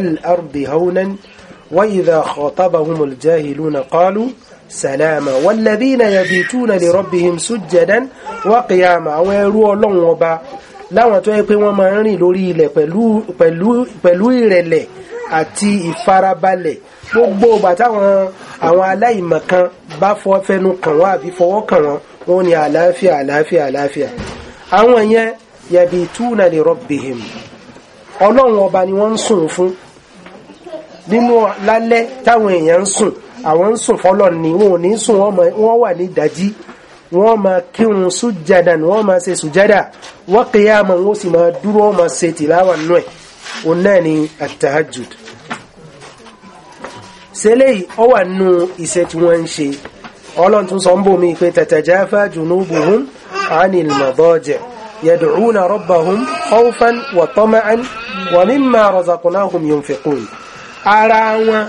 S1: láwọn tó yẹ pé wọ́n máa ń rìn lórí ilẹ̀ pẹ̀lú pẹ̀lú pẹ̀lú ìrẹ̀lẹ̀ àti ìfarabalẹ̀ gbogbo ìgbà táwọn àwọn aláìmọ̀kan bá fọ́ fẹnu kàn wọ́n àbí fọwọ́ kàn wọ́n wọ́n ní àlàáfíà àlàáfíà àlàáfíà àwọn yẹn yàbí túnà li rabbihim ọlọ́run ọba ni wọ́n ń sùn fún nínú lálẹ́ táwọn èèyàn ń sùn àwọn ń sùn fọlọ́ ni wọn ò ní sùn wọ́n wà ní ìdájí wọ́n máa kírun sùjádàn wọ́n máa ṣe sùjádà wa qiyaman wọ́n sì máa dúró wọ́n máa ṣe tìláwà nù ẹ̀ òun náà ni at-tahajjud sẹ́lẹ̀ ọ wà nù iṣẹ́ tí wọ́n ń ṣe ọlọ́run tún sọ ń bò mí pé tatajafa junubuhum anil madaji yad'una rabbahum khawfan wa tama'an wa mimma razaqnahum yunfiqun ara wọn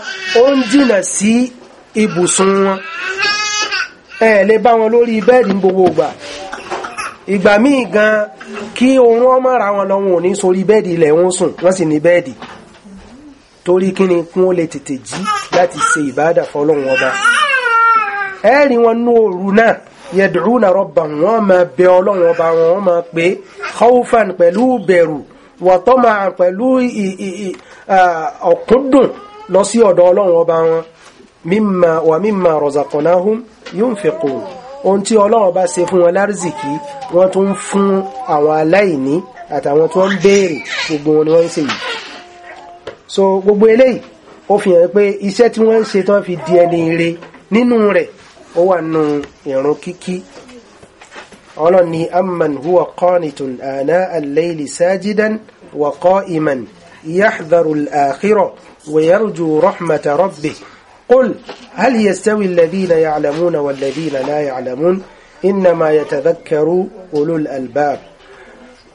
S1: ó ń jìnà sí ẹ lè bá wọn lórí bẹ́ẹ̀dì gbogbo ìgbà ìgbà míì gan kí oorun ọmọ ra wọn lọ wọn ò ní sórí bẹ́ẹ̀dì ilẹ̀ wọn sùn wọ́n sì ní bẹ́ẹ̀dì torí kí ni kún ó lè tètè jí láti ṣe ìbádà fọlọ́run ọba ẹ rí wọn nú òru náà yad'una rabbahum wọn máa bẹ ọlọ́run ọba wọn wọn máa pé khawfan pẹ̀lú bẹ̀rù wọ̀tọ́mà pẹ̀lú ọ̀kúndùn lọ sí ọ̀dọ̀ ọlọ́run ọba wọn mimma wa mimma razaqnahum yunfiqun ohun tí ọlọ́run bá ṣe fún wọn lárízìkí wọ́n tún fún àwọn aláìní àtàwọn tí wọ́n ń béèrè gbogbo wọn ni wọ́n ń ṣe yìí so gbogbo eléyìí ó fi hàn pé iṣẹ́ tí wọ́n ń ṣe tí fi di ẹni ire nínú rẹ̀ ó wà nù ìrun kíkí ọlọ́run ni amman huwa qanitun ana al-layli sajidan wa qa'iman yahdharu al-akhirah wa yarju قل هل يستوي الذين يعلمون والذين لا يعلمون إنما يتذكر أولو الألباب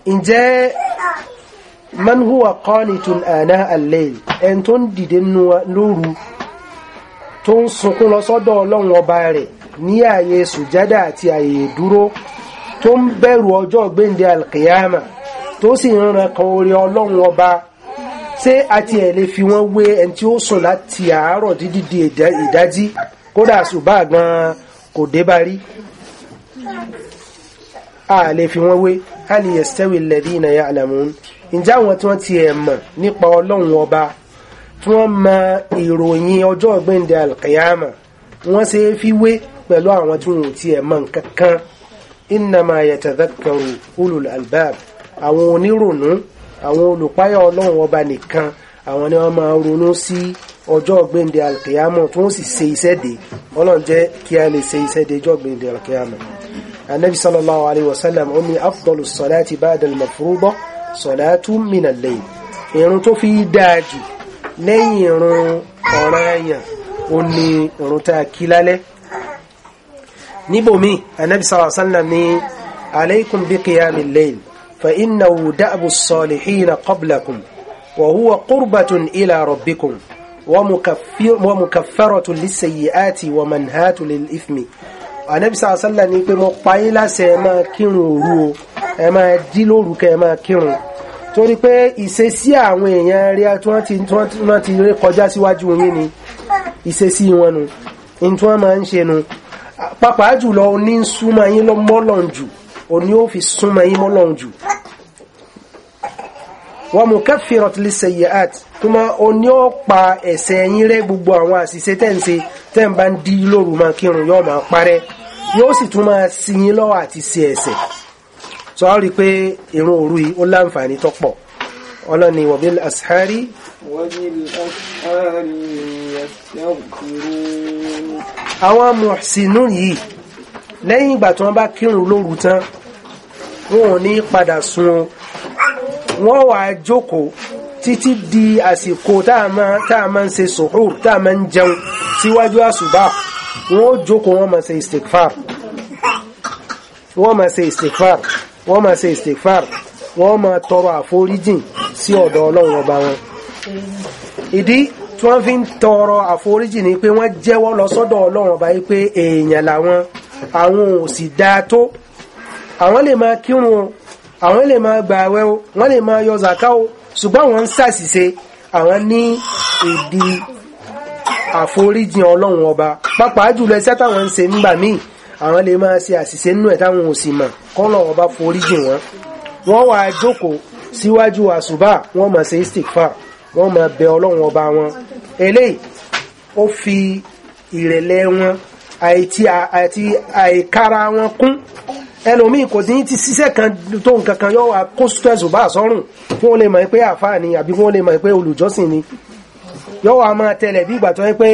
S1: إن جاء من هو قانت آناء الليل أن تندد نور تنسق لصدى لون وباري نيا يسو جداتي يدرو تنبر وجو بند القيامة تسيرنا قولي الله وباري ṣé àti ẹ̀ lè fi wọ́n wé ẹni tí ó sùn láti àárọ̀ dídí di ìdájí kódà àṣùbà gan kò dé bá rí a lè fi wọ́n wé hal yastawi alladhina ya'lamun ǹjẹ́ àwọn tí wọ́n ti ẹ̀ mọ̀ nípa ọlọ́run ọba tí wọ́n mọ ìròyìn ọjọ́ ọ̀gbẹ́ndẹ̀ alqiyama wọ́n ṣe é fi wé pẹ̀lú àwọn tí wọ́n ti ẹ̀ mọ̀ nǹkan kan innama yatadhakkaru ulul àwọn onírònú àwọn olùpáyà ọlọ́run ọba nìkan àwọn ni wọ́n máa ronú sí ọjọ́ gbẹ̀ndẹ̀ alkiyama tó ń sì ṣe iṣẹ́ dé ọlọ́run jẹ́ kí a lè ṣe iṣẹ́ dé ọjọ́ gbẹ̀ndẹ̀ alkiyama anabi sallallahu alayhi wa sallam ó ní afdalu salati ba'da al-mafruḍa salatu min al-layl irun tó fi dáa jù lẹ́yìn irun ọ̀ranyàn ó ní irun tá a kí lálẹ́ níbòmí anabi sallallahu alayhi wa sallam ní alaykum bi qiyamil layl فإنه دأب الصالحين قبلكم وهو قربة إلى ربكم ومكفر ومكفرة للسيئات ومنهاة للإثم Ànábì sallallahu alaihi wasallam ní pé mo pa yín láṣẹ ẹ máa kírun òru o ẹ máa jí lóru kẹ́ ẹ máa kírun torí pé ìṣesí àwọn èèyàn rí tí wọ́n ti wọ́n ti rí kọjá síwájú yín ni ìṣesí wọn nu ní tí wọ́n máa ń ṣe nu pàápàá jùlọ ní súnmọ́ yín lọ́mọ́lọ́njù òní ó fi súnmọ́ yín mọ́ lọ́hùn jù wa mukaffirat lis-sayyi'at tó máa òní ó pa ẹ̀ṣẹ̀ yín rẹ́ gbogbo àwọn àṣìṣe tẹ́ǹṣe tẹ́ǹ bá ń dí lóru máa kírun yóò máa parẹ́ yóò sì tún máa sí yín lọ́wọ́ àti ṣe ẹ̀ṣẹ̀ sọ á rí i pé ìrun òru yìí ó láǹfààní tó pọ̀ ọlọ́ni wa bil ashari
S2: wa bil ashari yastaghfirun
S1: àwọn muhsinun yìí lẹ́yìn ìgbà tí wọ́n bá kírun lóru tán wọn ò ní padà sun o wọ́n wà á jókòó títí di àsìkò tá a máa ń ṣe sùhúr tá a máa ń jẹun síwájú àṣùbà wọ́n ó jókòó wọ́n máa ṣe istikfar wọ́n máa ṣe istikfar wọ́n máa ṣe istikfar wọ́n máa tọrọ àforíjìn sí ọ̀dọ̀ ọlọ́run ọba wọn ìdí tí wọ́n fi ń tọrọ àforíjìn ni pé wọ́n jẹ́wọ́ lọ sọ́dọ̀ ọlọ́run ọba yìí pé èèyàn làwọn àwọn ò sì dáa tó àwọn lè máa kírun o àwọn lè máa gba àwẹ̀ o wọ́n lè máa yọ zàká o ṣùgbọ́n àwọn ń ṣàṣìṣe àwọn ní ìdí àforíjìn ọlọ́run ọba pàápàá jùlọ iṣẹ́ táwọn ń ṣe nígbà míì àwọn lè máa ṣe àṣìṣe nínú ẹ̀ táwọn ò sì mọ̀ kọ́lọ̀ ọba foríjìn wọn wọ́n wá jókòó síwájú àṣùbà wọ́n máa ṣe istikfar wọ́n máa bẹ ọlọ́run ọba wọn eléyìí ó fi ìrẹ̀lẹ̀ wọn àìtí àti àìkára wọn kún ẹlòmíì kò ní ti ṣiṣẹ́ kan tó nǹkan kan yóò wá kó stress bá sọ́rùn fún ó lè mọ̀ pé àfáà ni àbí fún ó lè mọ̀ pé olùjọ́sìn ni yóò wá máa tẹ̀lẹ̀ bí ìgbà tó yẹ pé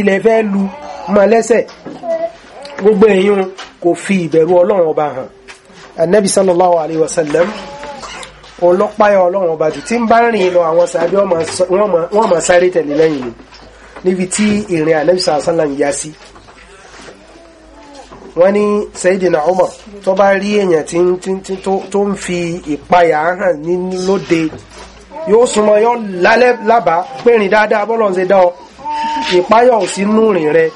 S1: ilẹ̀ fẹ́ lu mọ́ lẹ́sẹ̀ gbogbo èyàn kò fi ìbẹ̀rù ọlọ́run ọba hàn anabi sallallahu alayhi wa sallam ọlọ́pàá ọlọ́run ọba jù tí ń bá rìn lọ àwọn sàbí wọ́n máa sáré tẹ̀lé lẹ́yìn níbi tí ìrìn anabi sallallahu alayhi wa sallam yá sí wọ́n ní Sayyidina Umar tó bá rí èèyàn tó ń fi ìpayà hàn ní lóde yóò súnmọ́ yóò lálẹ́ lábàá pẹ́rìn dáadáa bọ́lọ̀ ń ṣe dá ọ ìpayà ò sí nú rìn rẹ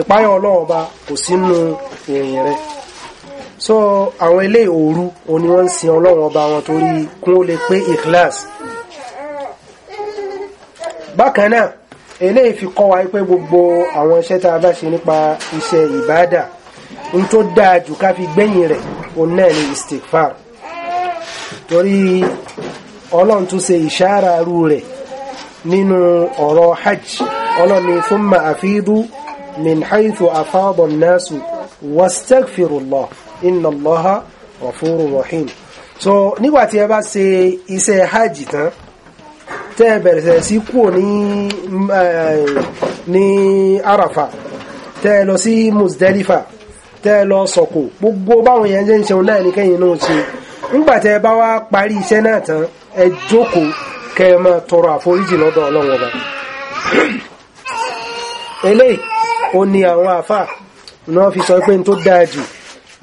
S1: ìpayà ọlọ́run ọba kò sí nú ìrìn rẹ so àwọn ilé òru o ni wọ́n ń sin ọlọ́run ọba wọn torí kún ó lè pé ìkíláàsì bákan náà eléyìí fi kọ́ wa pé gbogbo àwọn iṣẹ́ tá a bá ṣe nípa iṣẹ́ ìbáàdà n tó dáa jù ká fi gbẹ̀yìn rẹ̀ òun náà ni istikfar torí ọlọ́run tún ṣe ìṣára arú rẹ̀ nínú ọ̀rọ̀ hajj ọlọ́run ni thumma afidu min haythu afada nasu wastaghfirullah inna allaha ghafurur rahim so nígbà tí ẹ bá ṣe iṣẹ́ hajj tán tẹ́ ẹ bẹ̀rẹ̀ sí kúrò ní ní Arafa tẹ́ ẹ lọ sí Muzdalifa tẹ́ ẹ lọ sọ̀kò gbogbo báwọn yẹn jẹ́ ń ṣeun náà nìkẹ́yìn náà ṣe nígbà tẹ́ ẹ bá wá parí iṣẹ́ náà tán ẹ jókòó kẹ́ ẹ máa tọrọ àforíjì lọ́dọ̀ Ọlọ́run ọba eléyìí ó ní àwọn àfà náà fi sọ pé n tó dáa jù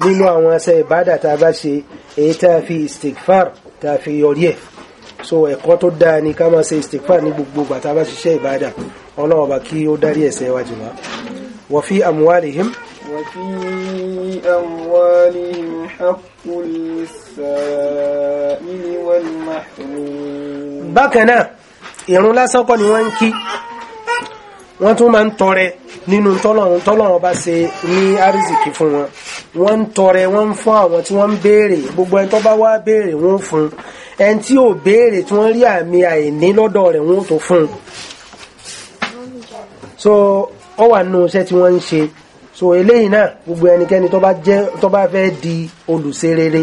S1: nínú àwọn ẹsẹ̀ ìbádà tá a bá ṣe èyí tá a fi istighfar tá a fi yọrí ẹ̀ so ẹ̀kọ́ tó dáa ni ká máa ṣe istikfar ní gbogbo ìgbà tá a bá ṣiṣẹ́ ìbádà ọlọ́run ọba kí ó dárí ẹ̀ṣẹ̀ wa jì wá wa fi amwalihim.
S2: wa fi amwalihim haqqul lis-sa'ili wal mahrum.
S1: bákan náà ìrun lásán kọ́ ni wọ́n ń kí wọ́n tún máa ń tọrẹ nínú tọ́lọ́run bá ṣe ní àrísìkí fún wọn wọ́n ń tọrẹ wọ́n ń fún àwọn tí wọ́n ń béèrè gbogbo ẹni tó bá wá béèrè wọ́n fún ẹni tí ò béèrè tí wọ́n rí àmì àìní lọ́dọ̀ rẹ̀ wọ́n tó fún so ọ wà nù iṣẹ́ tí wọ́n ń ṣe so eléyìí náà gbogbo ẹnikẹ́ni tó bá jẹ́ tó bá fẹ́ di olùṣe rere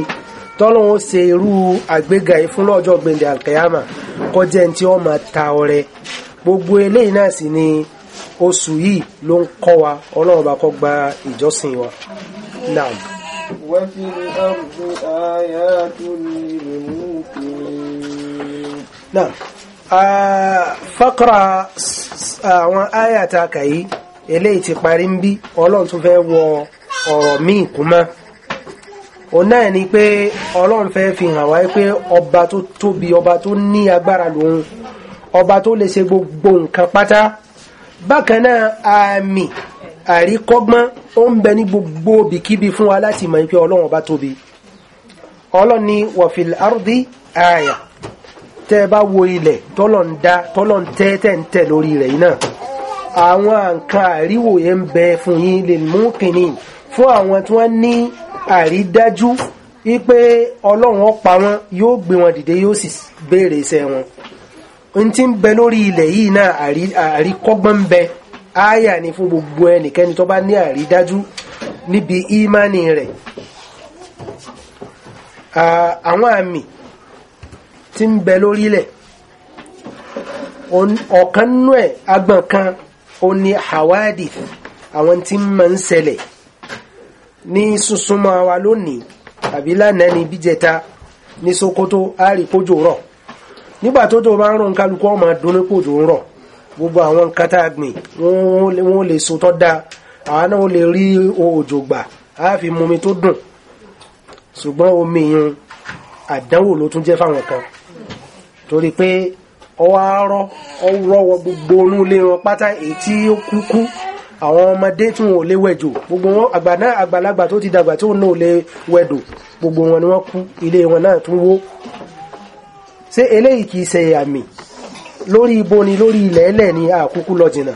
S1: tọ́lọ́run ó ṣe irú àgbéga yìí fún lọ́jọ́ gbèndé alkeyama kọjá ẹni tí wọ́n máa ta ọrẹ gbogbo eléyìí náà sì ni oṣù yìí ló ń kọ́ wa ọlọ́run bá kọ́ gba ìjọsìn wa
S2: náà. وفي الأرض آيات للموقنين
S1: نعم فقرة àwọn àyà tá a kà yìí eléyìí ti parí ń bí ọlọ́run tún fẹ́ wọ ọ̀rọ̀ míì kún mọ́ òun náà ni pé ọlọ́run fẹ́ fi hàn wáyé pé ọba tó tóbi ọba tó ní agbára lòun ọba tó lè ṣe gbogbo nǹkan pátá bákan náà àmì àríkọ́gbọ́n ó ń bẹ ní gbogbo bìkíbi fún wa láti mọ̀ pé ọlọ́run bá tóbi ọlọ́run ni wọ̀fìl ardi àyà tẹ́ ẹ bá wo ilẹ̀ tọ́lọ̀ ń dá tọ́lọ̀ ń tẹ́ ń tẹ̀ lórí rẹ̀ yìí àwọn nǹkan àríwò yẹn ń bẹ fún yín lè mú kìíní fún àwọn tí wọ́n ní àrídájú wípé ọlọ́run ó pa yóò gbé wọn dìde yóò sì béèrè iṣẹ́ wọn n ti ń bẹ lórí ilẹ̀ yìí náà àríkọ́gbọ́n ń bẹ ááyà ni fún gbogbo ẹnikẹ́ni tó bá ní àrídájú níbi ìmánì rẹ̀ àwọn àmì tí ń bẹ lórí ilẹ̀ ọ̀kan nú ẹ̀ agbọ̀n kan ó ní hawadith àwọn tí ma ń ṣẹlẹ̀ ní súnsúnmọ́ wa lónìí àbí ní bíjẹta ní Sokoto àríkójò rọ̀ nígbà tó tó bá ń rọ̀ nkálukú ọmọ dúnnípò tó ń rọ̀ gbogbo àwọn nǹkan gbìn wọn lè so tọ́ da àwa náà lè rí òjò gbà á fi mumi tó dùn ṣùgbọ́n omi yun àdánwò ló tún jẹ́ fáwọn kan torí pé ọwọ́ arọ́ ọwọ́ gbogbo onú ilé wọn pátá èyí tí ó kúkú àwọn ọmọdé tí wọn ò lè wẹ̀jò gbogbo wọn àgbàlagbà tó ti dàgbà tí wọn náà ò lè wẹ̀dò gbogbo wọn ni wọn kú ilé wọn náà tún wó ṣé eléyìí kìí ṣe àmì lórí ibo ni lórí ilẹ̀ ẹlẹ̀ ni àkókò lọ jìnnà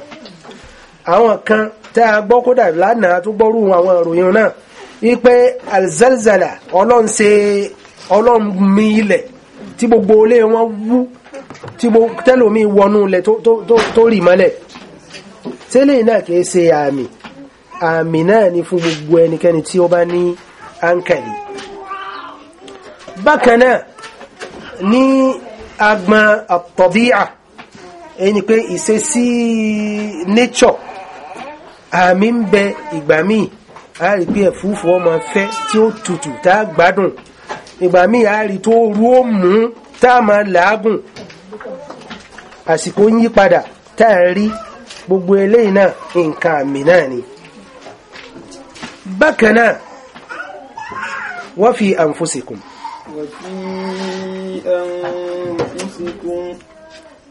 S1: àwọn kan tá a gbọ́ kódà lánàá tó gbọ́rú àwọn ìròyìn náà wípé alzalzala ọlọ́run ṣe ọlọ́run mi ilẹ̀ tí gbogbo ilé wọn wú tí tẹ́lòmí wọnú ilẹ̀ tó rì mọ́lẹ̀ tẹ́lẹ̀ náà kìí ṣe àmì àmì náà ni fún gbogbo ẹnikẹ́ni tí ó bá ní áńkàlì bákan náà ní agbọn àtọ̀bíà èyí ni pé ìṣesí nature àmì ń bẹ ìgbà míì a rí pé ẹ̀fúùfù ọmọ fẹ́ tí ó tutù tá a gbádùn ìgbà míì a rí tó rú ó mú tá a máa làágùn àsìkò ń yí padà tá a rí gbogbo eléyìí náà nǹkan àmì náà ni bákan náà wa fi anfusikum
S2: وفي أنفسكم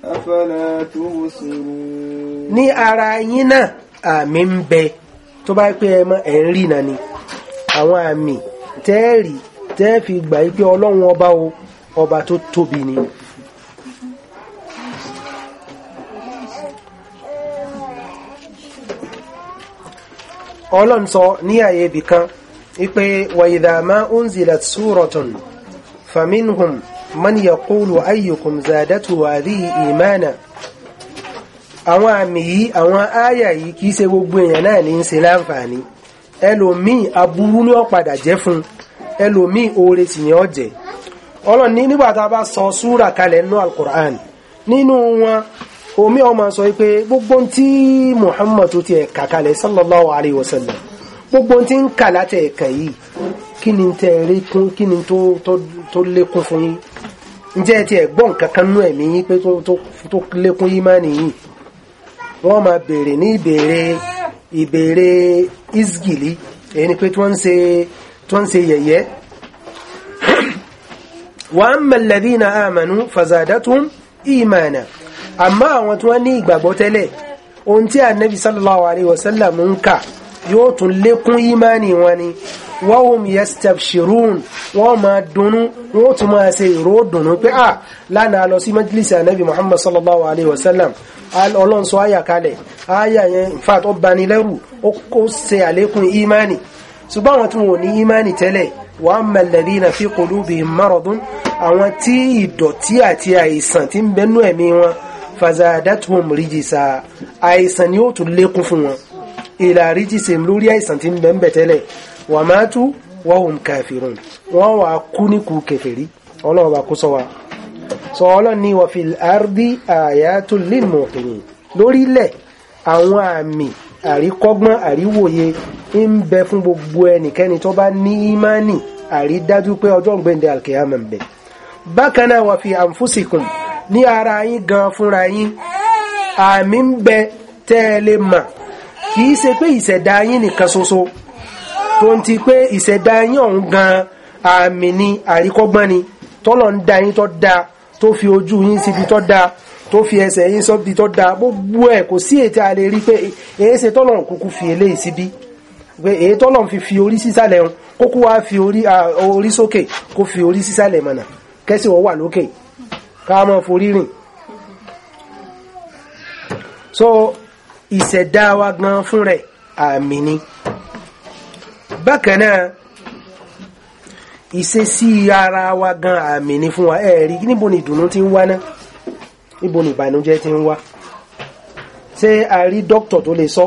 S2: أفلا تبصرون ní
S1: ara yín náà àmì ń bẹ tó bá pé ẹ mọ ẹ ń rí náà ni àwọn àmì tẹ́ẹ̀rì tẹ́ẹ̀ ọlọ́run ọba o ọba tó tóbi ni. ọlọ́run sọ ní àyè ibìkan wípé unzilat súrọ̀tún. فمنهم من يقول أيكم زادت هذه إيمانا àwọn àmì yìí àwọn ááyà yìí kìí ṣe gbogbo èèyàn náà ní í ṣe láǹfààní ẹlòmíì aburú ní ọ̀padà jẹ́ fún ẹlòmíì oore sì yẹn ọ̀jẹ̀ ọlọ́run ní nígbà tá a bá sọ súrà kalẹ̀ nínú alukur'an nínú wọn omi ọmọ sọ pé gbogbo tí muhammadu ti ẹ̀ kàkalẹ̀ sallallahu alayhi wa sallam gbogbo tí ń kà láti ẹ̀kàn yìí kí ni tẹ́ rí kún kí ni tó lékún fún yín ǹjẹ́ ti ẹ̀gbọ́n nǹkan kan nú ẹ̀mí yín pé tó lékún yín má nìyí wọ́n máa bèèrè ní ìbèèrè ìbèèrè isgili èyí ni pé tí wọ́n ń ṣe tí wọ́n ń ṣe yẹ̀yẹ́ wa amma alladhina amanu fazadatum imana àmọ́ àwọn tí wọ́n ní ìgbàgbọ́ tẹ́lẹ̀ ohun tí ànábì sallallahu alayhi wa sallam ń kà yóò tún lékún ìmáni wọn ni wọ́n hùm yastabshirun wọ́n máa dunnú wọ́n tún máa ṣe ìró dunnú pé à ah, lánàá lọ sí majlis anabi muhammad sallallahu alayhi wa sallam ọlọ́run sọ àyà kalẹ̀ àyà yẹn in fact ó bani lẹ́rù ó kó ṣe àlékún ìmáni ṣùgbọ́n àwọn tí wọn ní ìmáni tẹ́lẹ̀ wa amma alladhina fi qulubihim maradun àwọn tí ìdọ̀tí àti àìsàn ti ń bẹnú ẹ̀mí wọn fazadathum rijisa àìsàn ni ó tún lékún fún wọn ìlà ríjì sèm lórí àìsàn tí ń bẹ ń bẹ tẹ́lẹ̀ wà máa tú wọ́n hùn kàfìrùn wọ́n wà kú ní kú kẹfẹ̀rí ọlọ́run bá kó sọ wa sọ ọlọ́run ní wà fi àrùdí ayatul lil muqinin lórílẹ̀ àwọn àmì àríkọ́gbọ́n àríwòye ń bẹ fún gbogbo ẹnikẹ́ni tó bá ní ìmánì àrídájú pé ọjọ́ ìgbẹ̀ndẹ̀ alkiyama ń bẹ bákan náà wà fi ní ara yín gan fúnra yín àmì ń bẹ tẹ́ ẹ lè mọ̀ kìí ṣe pé ìṣẹ̀dá yín nìkan ṣoṣo tó ń ti pé ìṣẹ̀dá yín ọ̀hún gan àmì ni àríkọ́gbọ́n ni tọ́lọ̀ ń da yín tó da tó fi ojú yín síbi tó da tó fi ẹsẹ̀ yín sọ́bi tó da gbogbo ẹ̀ kò sí ètò àlè rí pé èyí ṣe tọ́lọ̀ kúkú fi eléyìí síbi pé èyí tọ́lọ̀ fi fi orí sísàlẹ̀ ń kókó wá fi orí sókè kó fi orí sísàlẹ̀ mọ̀nà kẹ́sì wọ́n wà lókè ká mọ̀ forí rìn so ìṣẹ̀dá wa gan fún rẹ̀ àmì ni bákan náà ìṣesí ara wa gan àmì ni fún wa ẹ̀rí níbo ni ìdùnnú ti ń wá náà níbo ni ìbànújẹ́ ti ń wá ṣé a rí dókítà tó lè sọ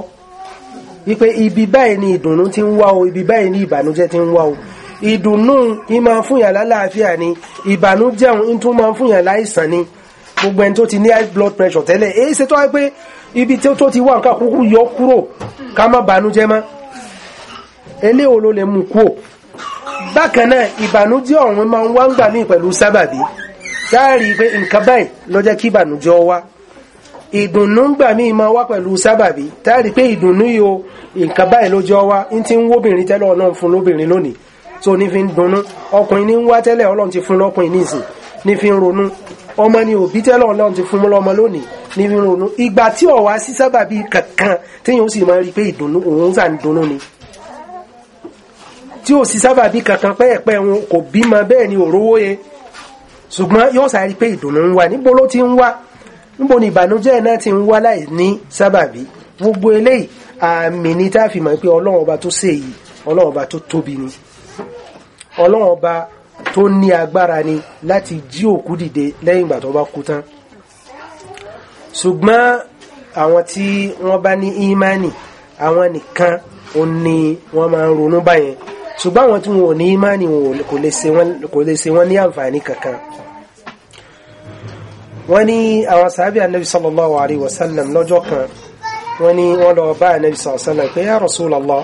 S1: wípé ibi báyìí ni ìdùnnú ti ń wá o ibi báyìí ni ìbànújẹ́ ti ń wá o ìdùnnú ń máa fún yàn lálàáfíà ni ìbànújẹ́ ń tún máa fún yàn láìsàn ni gbogbo ẹni tó ti ní high blood pressure tẹ́lẹ̀ èyí ṣe tó wá pé ibi tí ó tó ti wà nǹkan kúkú yọ kúrò ká má bànújẹ́ mọ́ elé olo lè mú kúò bákan náà ìbànújẹ́ ọ̀hún máa ń wá ń gbà ní pẹ̀lú sábàbí dáàrí pé nǹkan báyìí ló jẹ́ kí ìbànújẹ́ wá ìdùnnú gbà míì máa wá pẹ̀lú sábàbí dáàrí pé ìdùnnú yìí o nǹkan báyìí ló jọ wá ń ti ń wóbìnrin tẹ́lẹ̀ ọlọ́run fún lóbìnrin lónìí tó ní fi ń dunnú ọkùnrin ní ń wá tẹ́lẹ̀ ọlọ́run ti fún lọ́kùnrin nísìn ní fi ń ronú ọmọ ni òbí tẹ́lọ̀ ọlọ́run ti fún lọ́mọ lónìí ní ronú ìgbà tí ó wá sí sábàbí kankan téèyàn ó sì máa rí pé ìdùnnú òun sà ń dunnú ni tí ò sí sábàbí kankan pẹ́ẹ̀pẹ́ wọn kò bímọ bẹ́ẹ̀ ni òrówó yẹ ṣùgbọ́n yóò sáré pé ìdùnnú ń wá níbo ló ti ń wá níbo ni ìbànújẹ́ náà ti ń wá láì ní sábàbí gbogbo eléyìí àmì ní tá a fi mọ̀ pé ọlọ́run ọba tó ṣèyí ọlọ́run ọba tó tóbi ni ọlọ́run ọba tó ní agbára ni láti jí òkú dìde lẹ́yìn ìgbà tó bá kú tán ṣùgbọ́n àwọn tí wọ́n bá ní ìmánì àwọn nìkan ó ní wọ́n máa ń ronú báyẹn ṣùgbọ́n àwọn tí wọn ní ìmánì kò lè ṣe wọ́n ní àǹfààní kankan wọ́n ní àwọn sàábì anabi sallallahu alayhi wa sallam lọ́jọ́ kan wọ́n ní wọ́n lọ bá anabi sallallahu sallam pé ya Rasulullah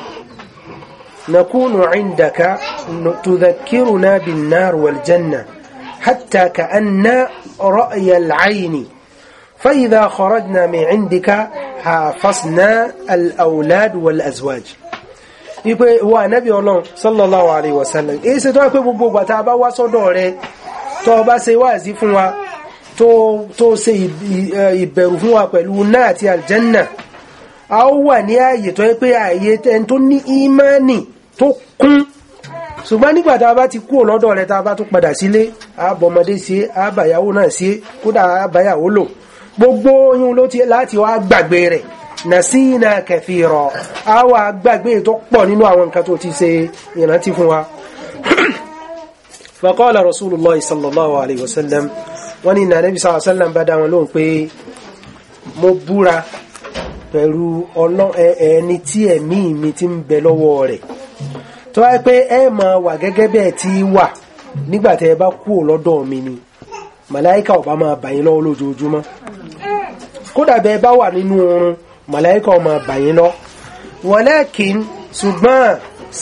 S1: نكون عندك تذكرنا بالنار والجنة حتى كأن رأي العين فإذا خرجنا من عندك حافظنا الأولاد والأزواج ipe wa nabi Ọlọ́run sallallahu alaihi wasallam e se tó pé gbogbo gba tá bá wá sọ́dọ̀ rẹ̀ tó bá ṣe wáàsí fún wa tó tó ṣe ìbẹ̀rù fún wa pẹ̀lú na àti aljanna a ó wà ní àyè tó pé ten tó ní imani tó kún ṣùgbọ́n nígbà tá a bá ti kúrò lọ́dọ̀ rẹ̀ tá a bá tún padà sílé àbọ̀mọdé sí àbàyàwó náà sí kódà àbàyàwó lò gbogbo oyún ló ti láti wá gbàgbé rẹ̀ nàṣínà kẹfìrọ̀ àwọn àgbàgbé tó pọ̀ nínú àwọn nǹkan tó ti ṣe ìrántí fún wa. faqala rasulullah sallallahu alayhi wa sallam wọ́n ní nànẹ́bí sallallahu bá dá wọn lóhùn pé mo búra pẹ̀lú ẹni tí ẹ̀mí mi ti ń bẹ lọ́wọ́ rẹ̀ tó wáyé pé ẹ máa wà gẹ́gẹ́ bẹ́ẹ̀ tí wà nígbà tẹ́ ẹ bá kúrò lọ́dọ̀ mi ni màláíkà ọba máa bà yín lọ́wọ́ lójoojúmọ́ kódà bẹ́ẹ̀ bá wà nínú oorun màláíkà ọba máa bà yín lọ walakin ṣùgbọ́n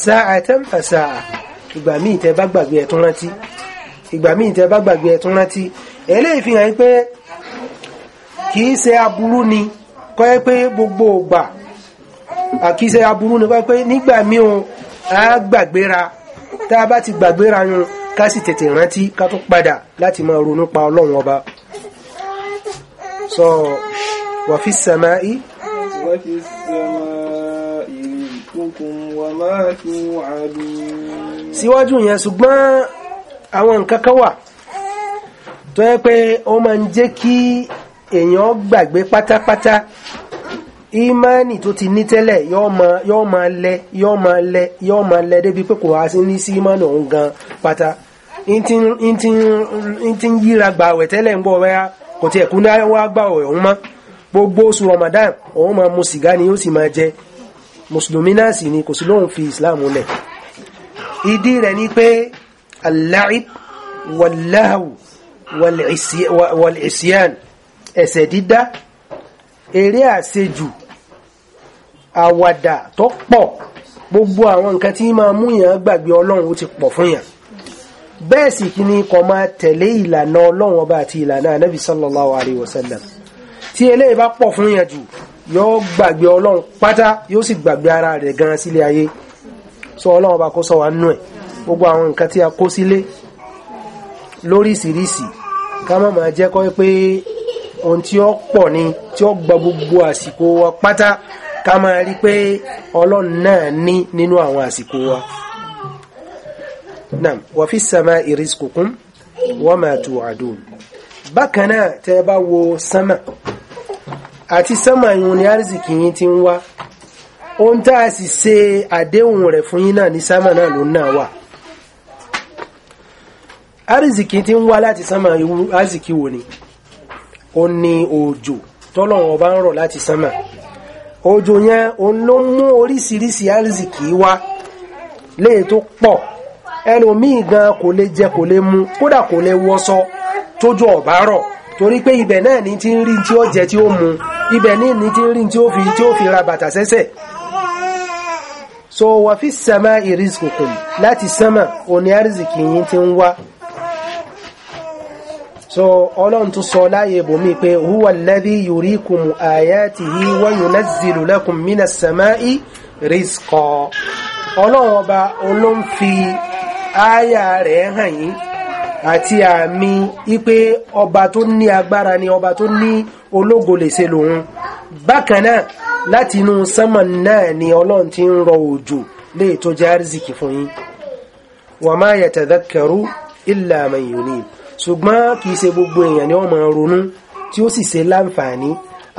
S1: sa'atan fa sa'a ìgbà míì tẹ́ bá gbàgbé ẹ̀ tún rántí ìgbà míì tẹ́ bá gbàgbé ẹ̀ tún rántí eléyìí fi hàn pé kì í ṣe aburú ni kọ́ ẹ pé gbogbo ògbà àkíṣe aburú ni pé nígbà míì o a gbàgbéra tá a bá ti gbàgbéra yun ká sì tètè rántí ká tó padà láti máa ronú pa ọlọ́run ọba sọ wa fi samai.
S2: wa fi samai rizqukum wa ma tu'adun.
S1: síwájú yẹn ṣùgbọ́n àwọn nǹkan kan wà tó yẹ pé ó máa ń jẹ́ kí èèyàn gbàgbé pátápátá ìmánì tó ti ní tẹ́lẹ̀ yóò máa yóò máa lẹ yóò máa lẹ yóò máa lẹ débi pé kò wá sí ní sí ìmánì òun gan pátá n ti ń yíra gbààwẹ̀ tẹ́lẹ̀ ń gbọ́ wẹ́yà kò tiẹ̀ kú náà wá gbààwẹ̀ òun mọ́ gbogbo oṣù Ramadan òun máa mu sìgá ni yóò sì máa jẹ mùsùlùmí náà sì ni kò sí lóun fi Islam lẹ̀ ìdí rẹ̀ ni pé al-la'ib wal-lahw wal-isyan ẹ̀sẹ̀ dídá eré àṣejù àwàdà tó pọ̀ gbogbo àwọn nǹkan tí máa mú yàn gbàgbé ọlọ́run ó ti pọ̀ fún yàn bẹ́ẹ̀ sì kí ni kò máa tẹ̀lé ìlànà ọlọ́run ọba àti ìlànà anábì sallallahu alayhi wa sallam tí eléyìí bá pọ̀ fún yàn jù yóò gbàgbé ọlọ́run pátá yóò sì gbàgbé ara rẹ̀ gan sílé ayé sọ ọlọ́run ọba kó sọ wá nú ẹ̀ gbogbo àwọn nǹkan tí a kó sílé lóríṣiríṣi ká má máa jẹ́ kọ́ pé ohun tí ó pọ̀ ni tí ó gba gbogbo àsìkò wa pátá ká máa rí pé ọlọ́run náà ní nínú àwọn àsìkò wa naam wa fi samai rizqukum wa ma tu'adun bákan náà tẹ́ bá wo sánmà àti sánmà yìí ni arzikì yìí ti ń wá ohun tá a sì ṣe àdéhùn rẹ̀ fún yín náà ní sánmà náà ló náà wà arzikì ti ń wá láti sánmà arzikì wo ni ó ní òjò tọ́lọ́wọ́n bá ń rọ̀ láti sánmà òjò yẹn òun ló mú oríṣiríṣi àrísìkì wá léè tó pọ̀ ẹlòmíì gan kò lè jẹ kò lè mu kódà kò lè wọṣọ tójú ọ̀bá rọ̀ torí pé ibẹ̀ náà ní ti ń rí tí ó jẹ tí ó mu ibẹ̀ ní ní ti ń rí tí ó fi tí ó fi ra bàtà sẹ́sẹ̀ so wà fi sẹ́mà ìrìsìkòkò láti sẹ́mà òní àrísìkì yìí ti ń wá so ọlọ́run tún sọ láyé bòmí pé huwa alladhi yurikum ayatihi wa yunazzilu lakum minas samai rizqa ọlọ́run ọba olóhùn fi ááyà rẹ̀ hàn yín àti àmì ipe ọba tó ní agbára ni ọba tó ní ológo lè ṣe lòun bákan náà láti inú sánmà náà ni ọlọ́run ti ń rọ òjò lè tó jẹ́ àrísìkì fún yín wa ma yatadhakkaru illa man yunib ṣùgbọ́n kì í ṣe gbogbo èèyàn ni wọ́n máa ronú tí ó sì ṣe láǹfààní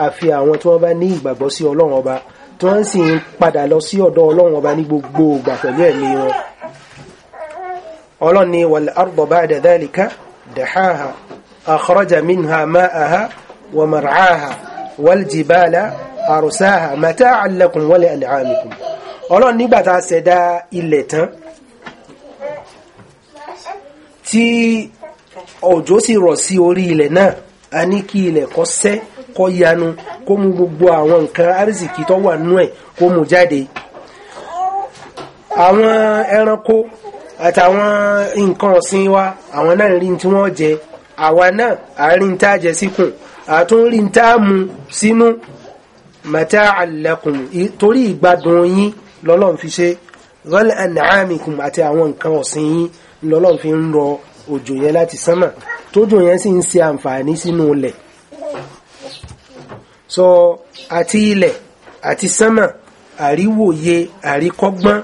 S1: àfi àwọn tí wọ́n bá ní ìgbàgbọ́ sí ọlọ́run ọba tí wọ́n sì ń padà lọ sí ọ̀dọ̀ ọlọ́run ọba ní gbogbo ìgbà pẹ̀lú ẹ̀mí wọn. ọlọ́run ni wal arda ba'da dhalika dahaha akhraja minha ma'aha wa mar'aha wal jibala arsaha mata'an lakum wa li'an'amikum. ọlọ́run nígbà tá a ṣẹ̀dá ilẹ̀ tán tí òjò sì rọ̀ sí orí ilẹ̀ náà a ní kí ilẹ̀ kó sẹ́ kó yanu kó mú gbogbo àwọn nǹkan arísìkí tó wà nú ẹ̀ kó mú jáde àwọn ẹranko àtàwọn nǹkan ọ̀sìn wa àwọn náà rí tí wọ́n jẹ àwa náà àárín tá jẹ síkùn àtúnrí tá mu sínú mẹ́ta àlẹ́kùn torí ìgbádùn yín lọ́lọ́run fi ṣe rọ́lẹ̀ ànàmìkùn àti àwọn nǹkan ọ̀sìn yín lọ́lọ́run fi ń rọ òjò yẹn láti sánmà tójò yẹn sì ń ṣe àǹfààní sínú ilẹ̀ so àti ilẹ̀ àti sánmà àríwòye àríkọ́gbọ́n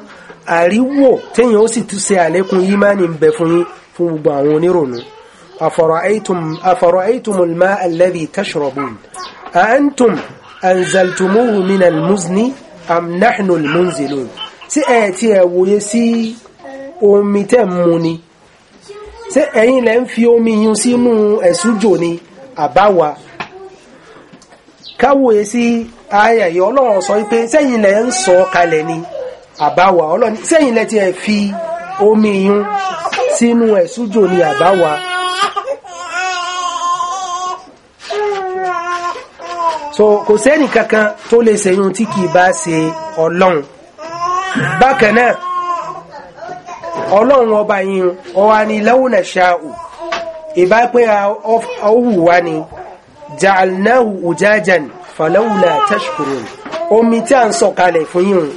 S1: àríwò téèyàn ó sì tún ṣe àlékún yímánì ń bẹ fún yín fún gbogbo àwọn onírònú afara'aytumul ma'a alladhi tashrabun a antum anzaltumuhu minal muzni am munzilun sí ẹ̀ tí ẹ̀ wòye sí omi tẹ́ mú ni ṣé ẹ̀yin lẹ́ ń fi omi yun sínú ẹ̀sùjò ni àbáwa káwòye sí ayẹyẹ ọlọ́run sọ pé sẹ́yìn lẹ́ ń sọ kalẹ̀ ni àbáwa ọlọ́run sẹ́yìn lẹ́ ti ẹ̀ fi omi yun sínú ẹ̀sùjò ni àbáwa. so kò sẹ́ni kankan tó lè ṣèyún tí kì í bá ṣe ọlọ́run bákan náà ọlọ́run ọba yìí ọwa ni lawna sha'u ìbá pé ọwùwá ni ja'alnahu ujajan falawla tashkurun omi tí a ń sọ kalẹ̀ fún yìí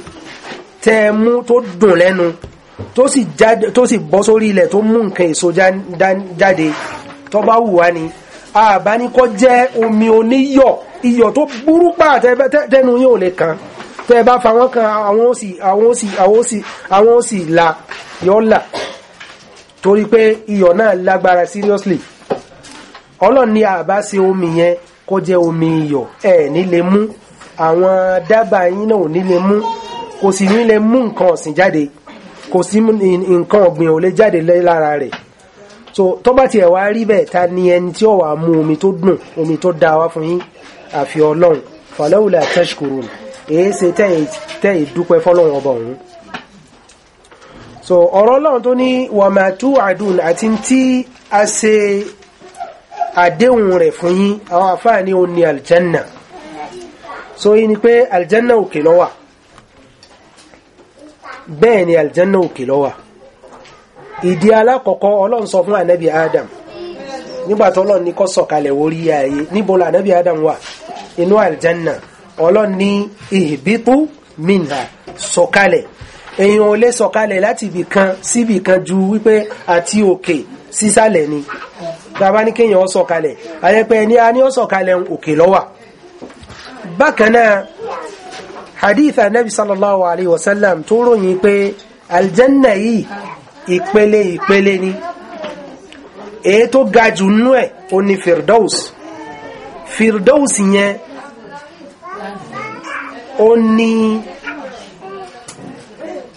S1: tẹ́ ẹ mú tó dùn lẹ́nu tó sì bọ́ sórí ilẹ̀ tó mú nǹkan èso jáde tó bá wùwá ni àbáníkọ́ jẹ́ omi oníyọ̀ iyọ̀ tó burú pà tẹ́nu yóò lè kan tẹ́ bá fa wọn kan àwọn ó sì la yóò là torí pé iyọ̀ náà lágbára seriously ọlọ́run ní àbá ṣe omi yẹn kó jẹ́ omi iyọ̀ ẹ̀ ní lè mú àwọn dábàá yín náà ò ní mú kò sì ní mú nǹkan ọ̀sìn jáde kò sí nǹkan ọ̀gbìn ò lè jáde lára rẹ̀ so tó bá tiẹ̀ wá rí bẹ́ẹ̀ ta ni ẹni tí ó wàá mú omi tó dùn omi tó dáa wá fún yín àfi ọlọ́run fàlẹ́wùlẹ̀ àtẹ́ṣkùrù èé ṣe tẹ́yìn dúpẹ́ fọlọ́run ọba òun so ọ̀rọ̀ ọlọ́run tó ní wàmà tú àdùn àti tí a ṣe àdéhùn rẹ̀ fún yín àwọn àfáà ní o ní so yí ni pé aljanna òkè lọ́wà bẹ́ẹ̀ ni aljanna òkè lọ́wà ìdí alákọ̀ọ́kọ́ ọlọ́run sọ fún ànábì adam nígbàtí ọlọ́run ní kó sọ̀kalẹ̀ orí ayé níbo la ànábì adam wà inú aljanna ọlọ́run ní ìbítú minha sọ̀kalẹ̀ so èyàn ò lè sọ̀kalẹ̀ láti ibì kan síbì kan ju wípé àti òkè sísàlẹ̀ ni bàbá ní kéèyàn ó sọ̀kalẹ̀ àyẹ̀pẹ̀ ni a ní ó sọ̀kalẹ̀ òkè lọ́wà bákan náà hadith anabi sallallahu alayhi wa sallam tó ròyìn pé aljanna yìí ìpele ìpele ni èyí tó ga jù nú ẹ̀ ó ní firdaus firdaus yẹn ó ní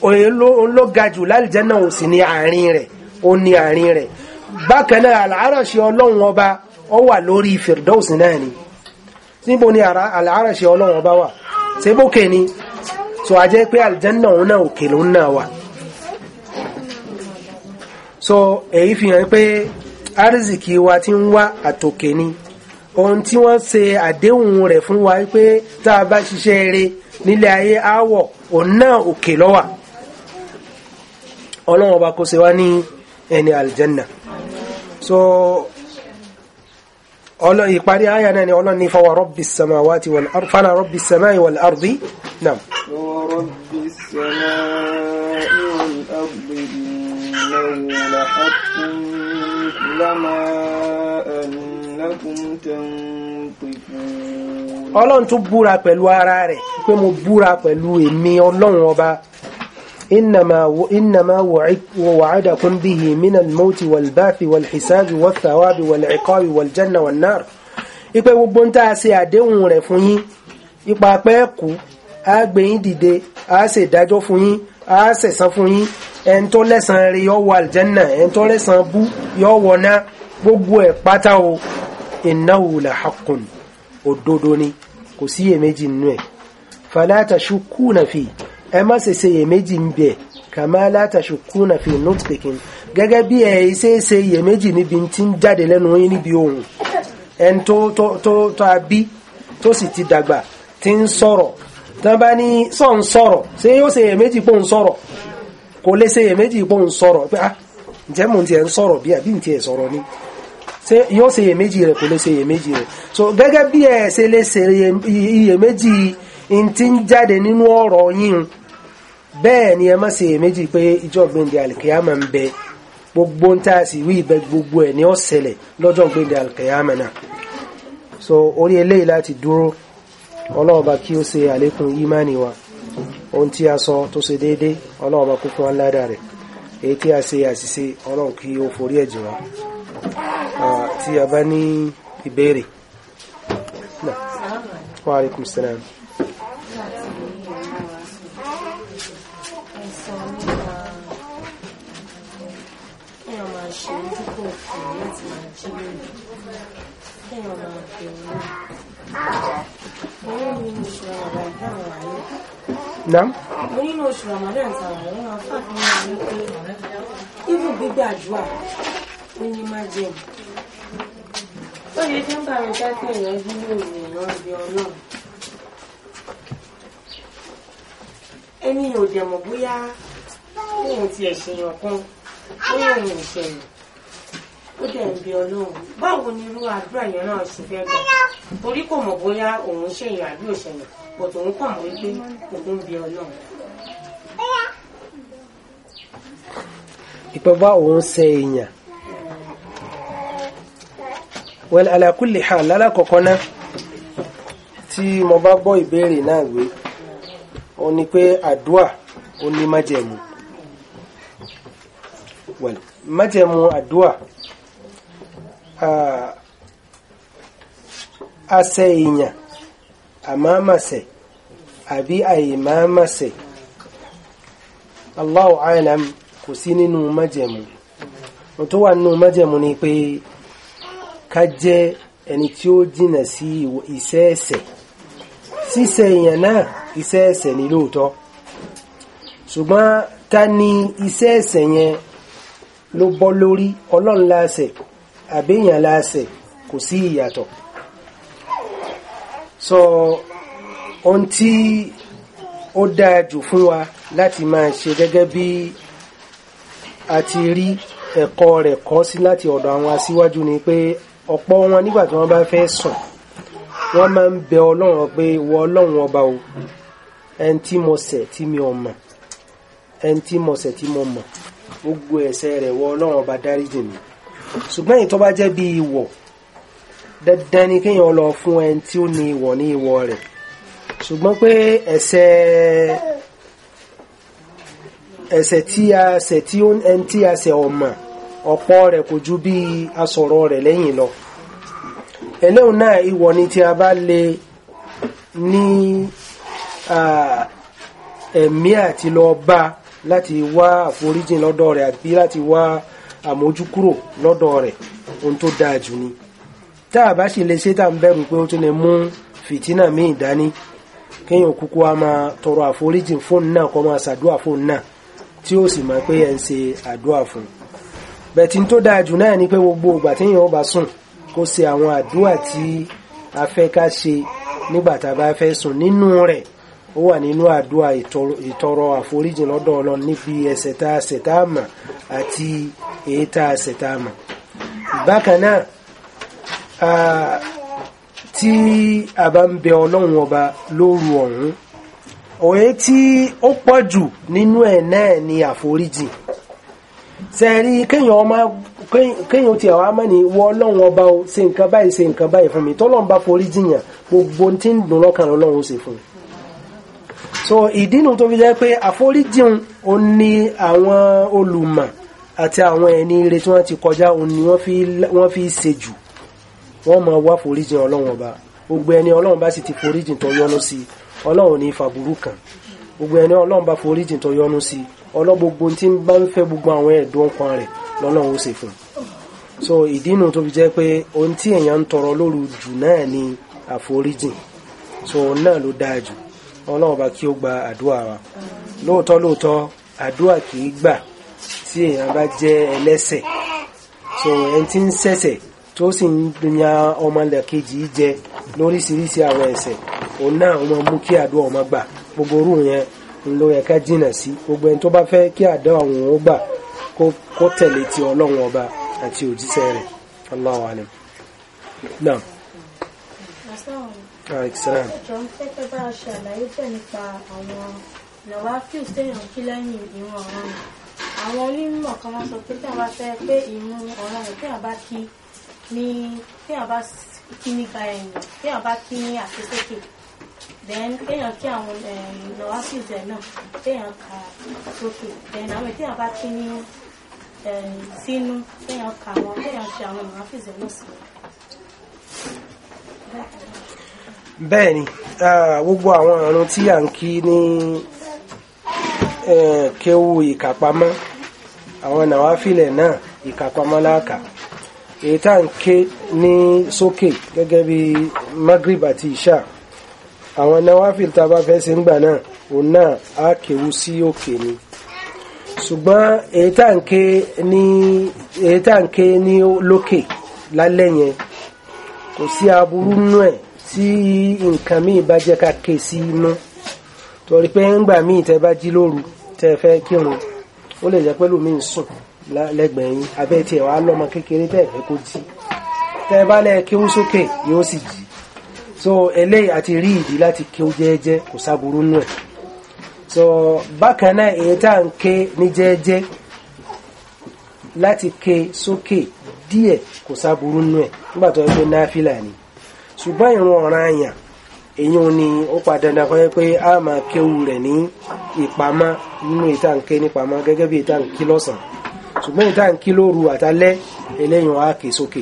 S1: òun ló ga jù lálìjẹ́nà òun sì ní àárín rẹ̀ ó ní àárín rẹ̀ bákan náà àlàáràṣẹ ọlọ́run ọba ó wà lórí firdaus náà ni níbo ni àlàáràṣẹ ọlọ́run ọba wà sébókè ni so a jẹ́ pé àlìjẹ́nà òun náà òkè lòun náà wà so èyí fi hàn pé arzikì wa ti ń wá àtòkè ni ohun tí wọ́n ṣe àdéhùn rẹ̀ fún wa pé tá a bá ṣiṣẹ́ eré nílé ayé àwọ̀ òun náà òkè lọ́wà ọlọ́run ọba kó ṣe wá ní ẹni aljanna so ọlọ́ ìparí àyà náà ni ọlọ́run ní fọwọ́ rọ́bì samawati wal ardi fana rọ́bì samai wal ardi nam.
S2: رب السماء والأرض إنه لحق لما أنكم تنطقون
S1: ọlọ́run tún búra pẹ̀lú ara rẹ̀ pé mo búra pẹ̀lú èmi ọlọ́run ọba إنما إنما وعدكم به من الموت والبعث والحساب والثواب والعقاب والجنة والنار ipe gbogbo ń tá a ṣe àdéhùn rẹ̀ fún yín ipa pẹ́ kú á gbé yín dìde á ṣe ìdájọ́ fún yín á ṣẹ̀san fún yín ẹni tó lẹ́san rẹ̀ yọ wọ àlìjẹ́nà ẹni tó lẹ́san bú yọ wọ ná gbogbo ẹ̀ pátá o innahu lahaqqun òdodo ni kò sí iyèméjì nínú ẹ̀ fala tashukuna fi ẹ má ṣe ṣe iyèméjì ń bẹ̀ kàmá látàṣù kúnà fi nọ́tìpìkìn gẹ́gẹ́ bí ẹ ṣe ṣe iyèméjì níbi tí ń jáde lẹ́nu yín níbi ohun ẹn tó tó tó abí tó sì ti dàgbà tí ń sọ̀rọ̀ tán bá ní sọ ń sọ̀rọ̀ ṣé yóò ṣe iyèméjì pò ń sọ̀rọ̀ kò lè ṣe iyèméjì pò ń sọ̀rọ̀ pé ah ǹjẹ́ mò ń tiẹ̀ ń sọ̀rọ̀ bí àbí ń tiẹ̀ sọ̀rọ̀ ni yóò ṣe iyèméjì rẹ̀ kò lè ṣe iyèméjì rẹ̀ so gẹ́gẹ́ bí ẹ ṣe lè ṣe iyèméjì tí ń jáde nínú ọ̀rọ̀ yín bẹ́ẹ̀ ni ẹ má ṣe méjì pé ìjọ gbẹ̀ndẹ̀ gbogbo ń tá gbogbo ẹ̀ ni ó lọ́jọ́ gbẹ̀ndẹ̀ alìkìyàmà so orí eléyìí láti dúró ọlọ́ọ̀ba kí ó ṣe àlékún ìmánì wa ohun tí a sọ tó ṣe déédéé ọlọ́ọ̀ba ọba fún rẹ̀ èyí tí a ṣe àṣìṣe ọlọ́run kí ó forí ẹ̀ wá tí a Nam.
S3: Nínú oṣù Ramadan sàrà wọn máa fàfihàn ní pé ibù gbígbàdúrà ó ní má jẹun. Ó yẹ kí n bá mi dákẹ́ èèyàn dúró ènìyàn ibi ọlọ́run. Ẹni ò dẹ̀ mọ̀ bóyá òun ti ẹ̀ṣẹ̀yàn kan, bóyá òun ò ṣẹ̀yàn ó dẹ̀ ń bi ọlọ́run báwo ni irú àdúrà yẹn náà ṣe fẹ́ gbà
S1: torí kò mọ̀ bóyá òun ṣèyàn àbí òṣèyàn kò tóun kàn mọ́ pé òun ń bi ọlọ́run. ìpẹ́bá òun ṣe èèyàn well ala kulli hal lálàkọ̀ọ́kọ́ náà tí mo bá gbọ́ ìbéèrè náà wé ó ní pé àdúà ó ní májẹ̀mú well májẹ̀mú àdúà àṣẹ èèyàn àmàmàṣẹ àbí àìmàmàṣẹ Allahu alam kò sí nínú májẹ̀mú mo tó wà nínú májẹ̀mú ni pé ká jẹ́ ẹni tí ó jìnà sí iṣẹ́ ẹ̀ṣẹ̀ ṣíṣe èèyàn náà iṣẹ́ ẹ̀ṣẹ̀ ni lóòótọ́ ṣùgbọ́n ta ni iṣẹ́ yẹn ló bọ́ lórí ọlọ́run láṣẹ àbíyàn láṣẹ kò sí ìyàtọ̀ so ohun tí ó dáa jù fún wa láti máa ṣe gẹ́gẹ́ bí a ti rí ẹ̀kọ́ rẹ̀ kọ́ sí láti ọ̀dọ̀ àwọn aṣíwájú ni pé ọ̀pọ̀ wọn nígbà tí wọ́n bá fẹ́ sùn wọ́n máa ń bẹ ọlọ́run pé wọ ọlọ́run ọba o ẹni tí mo ṣẹ̀ tí mi ò mọ̀ ẹni tí mo ṣẹ̀ tí mo mọ̀ gbogbo ẹ̀ṣẹ̀ rẹ̀ wọ ọlọ́run ọba dáríjì mi ṣùgbọ́n èyí tó bá jẹ́ bí ìwọ̀ dandan ni kéèyàn lọ fún ẹni tí ó ní ìwọ̀ ní ìwọ̀ rẹ̀ ṣùgbọ́n pé ẹ̀ṣẹ̀ ẹ̀ṣẹ̀ tí a ṣẹ̀ tí ẹni tí a ṣẹ̀ ọ̀mà ọ̀pọ̀ rẹ̀ kò ju bí asọ̀rọ̀ rẹ̀ lẹ́yìn lọ eléhùn náà ìwọ̀ ni tí a bá lè ní ẹ̀mí àti lọ bá láti wá àforíjìn lọ́dọ̀ rẹ̀ àbí láti wá àmójúkúrò lọ́dọ̀ rẹ̀ ohun tó dáa jù ni tá a bá sì lè ṣe tá à ń bẹ̀rù pé ó tún lè mú fìtínà míì dání kéèyàn kúkú a máa tọrọ àforíjì fóònù náà kó máa ṣàdúà fóònù náà tí ó sì mọ̀ pé ẹ̀ ń ṣe àdúà fún un bẹ̀tí tó dáa jù náà ni pé gbogbo ìgbà téèyàn ó bá sùn kó ṣe àwọn àdúà tí a fẹ́ ká ṣe nígbà tá a bá fẹ́ sùn nínú rẹ̀ O wà n'inu àdúrà ìtọrọ àforíjìn lọ́dọ̀ ọlọ́run níbi ẹ̀ṣẹ̀ setama ati ṣẹ̀ e setama a a ti a mọ̀ tí a bá ń ọba e e ni aforijin sẹ́ẹ̀rí kéèyàn ọmọ ni wọ ọlọ́run ọba o fún mi gbogbo tí ń dùn lọ́kàn mi so ìdínú tó fi jẹ́ pé àforíjìn ó ní àwọn olùmọ̀ àti àwọn ẹni ire tí wọ́n ti kọjá òun ni wọ́n fi ṣe jù wọ́n máa wá foríjìn ọlọ́run ọba gbogbo ẹni ọlọ́run bá sì ti foríjìn tó yọ́nú sí ọlọ́run ní fàbùrú kan gbogbo ẹni ọlọ́run bá foríjìn tó yọ́nú sí ọlọ́gbogbo tí ń bá ń fẹ́ gbogbo àwọn ẹ̀dùn ọkàn rẹ̀ lọ́lọ́run ó ṣe fún so ìdínú tó fi jẹ́ pé ohun tí èèyàn ń tọrọ lóru jù náà ni àforíjìn so náà ló dáa jù ọlọ́run bá kí ó gba àdúrà wa lóòótọ́ lóòótọ́ àdúrà kì í gbà tí èèyàn bá jẹ́ ẹlẹ́sẹ̀ so ẹni tí ń ṣẹ̀ṣẹ̀ tó sì ń yan ọmọlẹ̀kejì jẹ lóríṣiríṣi àwọn ẹ̀ṣẹ̀ òun náà ó máa mú kí àdúrà ọmọ gbà gbogbo orú yẹn ń lo ẹ̀ka jìnnà sí gbogbo ẹni tó bá fẹ́ kí àdúrà òun ó gbà kó tẹ̀lé ti ọlọ́run ọba àti òjíṣẹ́ rẹ̀ Allahu alim náà.
S3: Alaikum. Ìjọ àwọn onímọ̀ kan wọ́n sọ pé téèyàn bá fẹ́ pé ìrun ọ̀ràn yìí téèyàn bá kí ní téèyàn bá kí ní ga ẹ̀yìn téèyàn bá kí ní àfisókè. Then téèyàn kí àwọn nàwáfíù tẹ̀ náà téèyàn kà sókè. Then àwọn téèyàn bá kí ní sínú téèyàn kà wọ́n téèyàn ṣe àwọn nàwáfíù tẹ̀ náà sí.
S1: bẹ́ẹ̀ ah, gbogbo àwọn àrùn tí à ń kí ní eh, kéwu ìkàpamọ́ àwọn nàwáfílẹ̀ náà ìkàpamọ́ láàkà èyí tá à ké ní sókè gẹ́gẹ́ bí magrib àti àwọn tá a bá ṣe ń gbà náà òun náà á kéwu sí ni ṣùgbọ́n èyí tá à ké ní aburu tí nǹkan míì bá jẹ́ ká ké sí inú torí pé ńgbà míì tẹ́ bá jí lóru tẹ́ fẹ́ kírun ó lè jẹ́ pẹ́lú mi ń sùn lẹ́gbẹ̀ẹ́ abẹ́ tí ẹ̀ wá lọ́mọ kékeré tẹ́ fẹ́ kó jí tẹ́ bá lẹ́ kéwú sókè yóò sì jí so eléyìí àti rí ìdí láti kéwú jẹ́ẹ́jẹ́ kò sáburú nù ẹ̀ so bákan náà èyí tá à ń ké ní jẹ́ẹ́jẹ́ láti ké sókè díẹ̀ kò sáburú nù ẹ̀ nígbà tó yẹ pé náfìlà ni ṣùgbọ́n ìrun ọ̀ràn àyàn èyàn ni ó padà dandan kọ́ pé a máa rẹ̀ ní ìpamọ́ nínú ìtànkè nípamọ́ gẹ́gẹ́ bí ìtànkì lọ́sàn ṣùgbọ́n ìtànkì lóru àtàlẹ́ eléyàn á ké sókè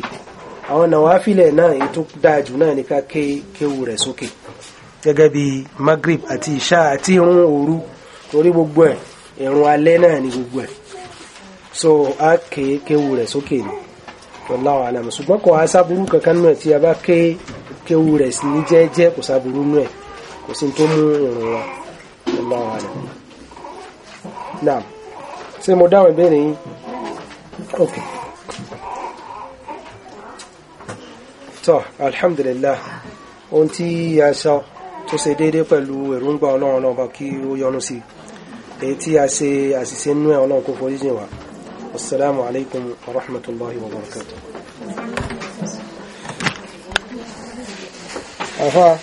S1: àwọn nàwáfílẹ̀ náà ètò dájú náà ní ká kéwu rẹ̀ sókè gẹ́gẹ́ bí àti ìṣá àti òru torí gbogbo ẹ̀ alẹ́ náà ni gbogbo ẹ̀ so a ké kéwu rẹ̀ sókè ni wallahu alam ṣùgbọ́n kò kéwú rẹ̀ sí ní jẹ́ẹ́jẹ́ kò sáburú nú ẹ̀ kò sí tó mú ìrùn wa ọlọ́wà rẹ̀ náà ṣe mo dáhùn ìbéèrè yín ok tọ́ alhamdulillah ohun tí a sọ tó ṣe déédéé pẹ̀lú èròǹgbà ọlọ́run náà bá kí ó yọ́nú sí èyí tí a ṣe àṣìṣe nú ẹ̀ ọlọ́run kó forí jìn wá assalamu alaikum wa rahmatullahi
S3: wa barakatuh 二号。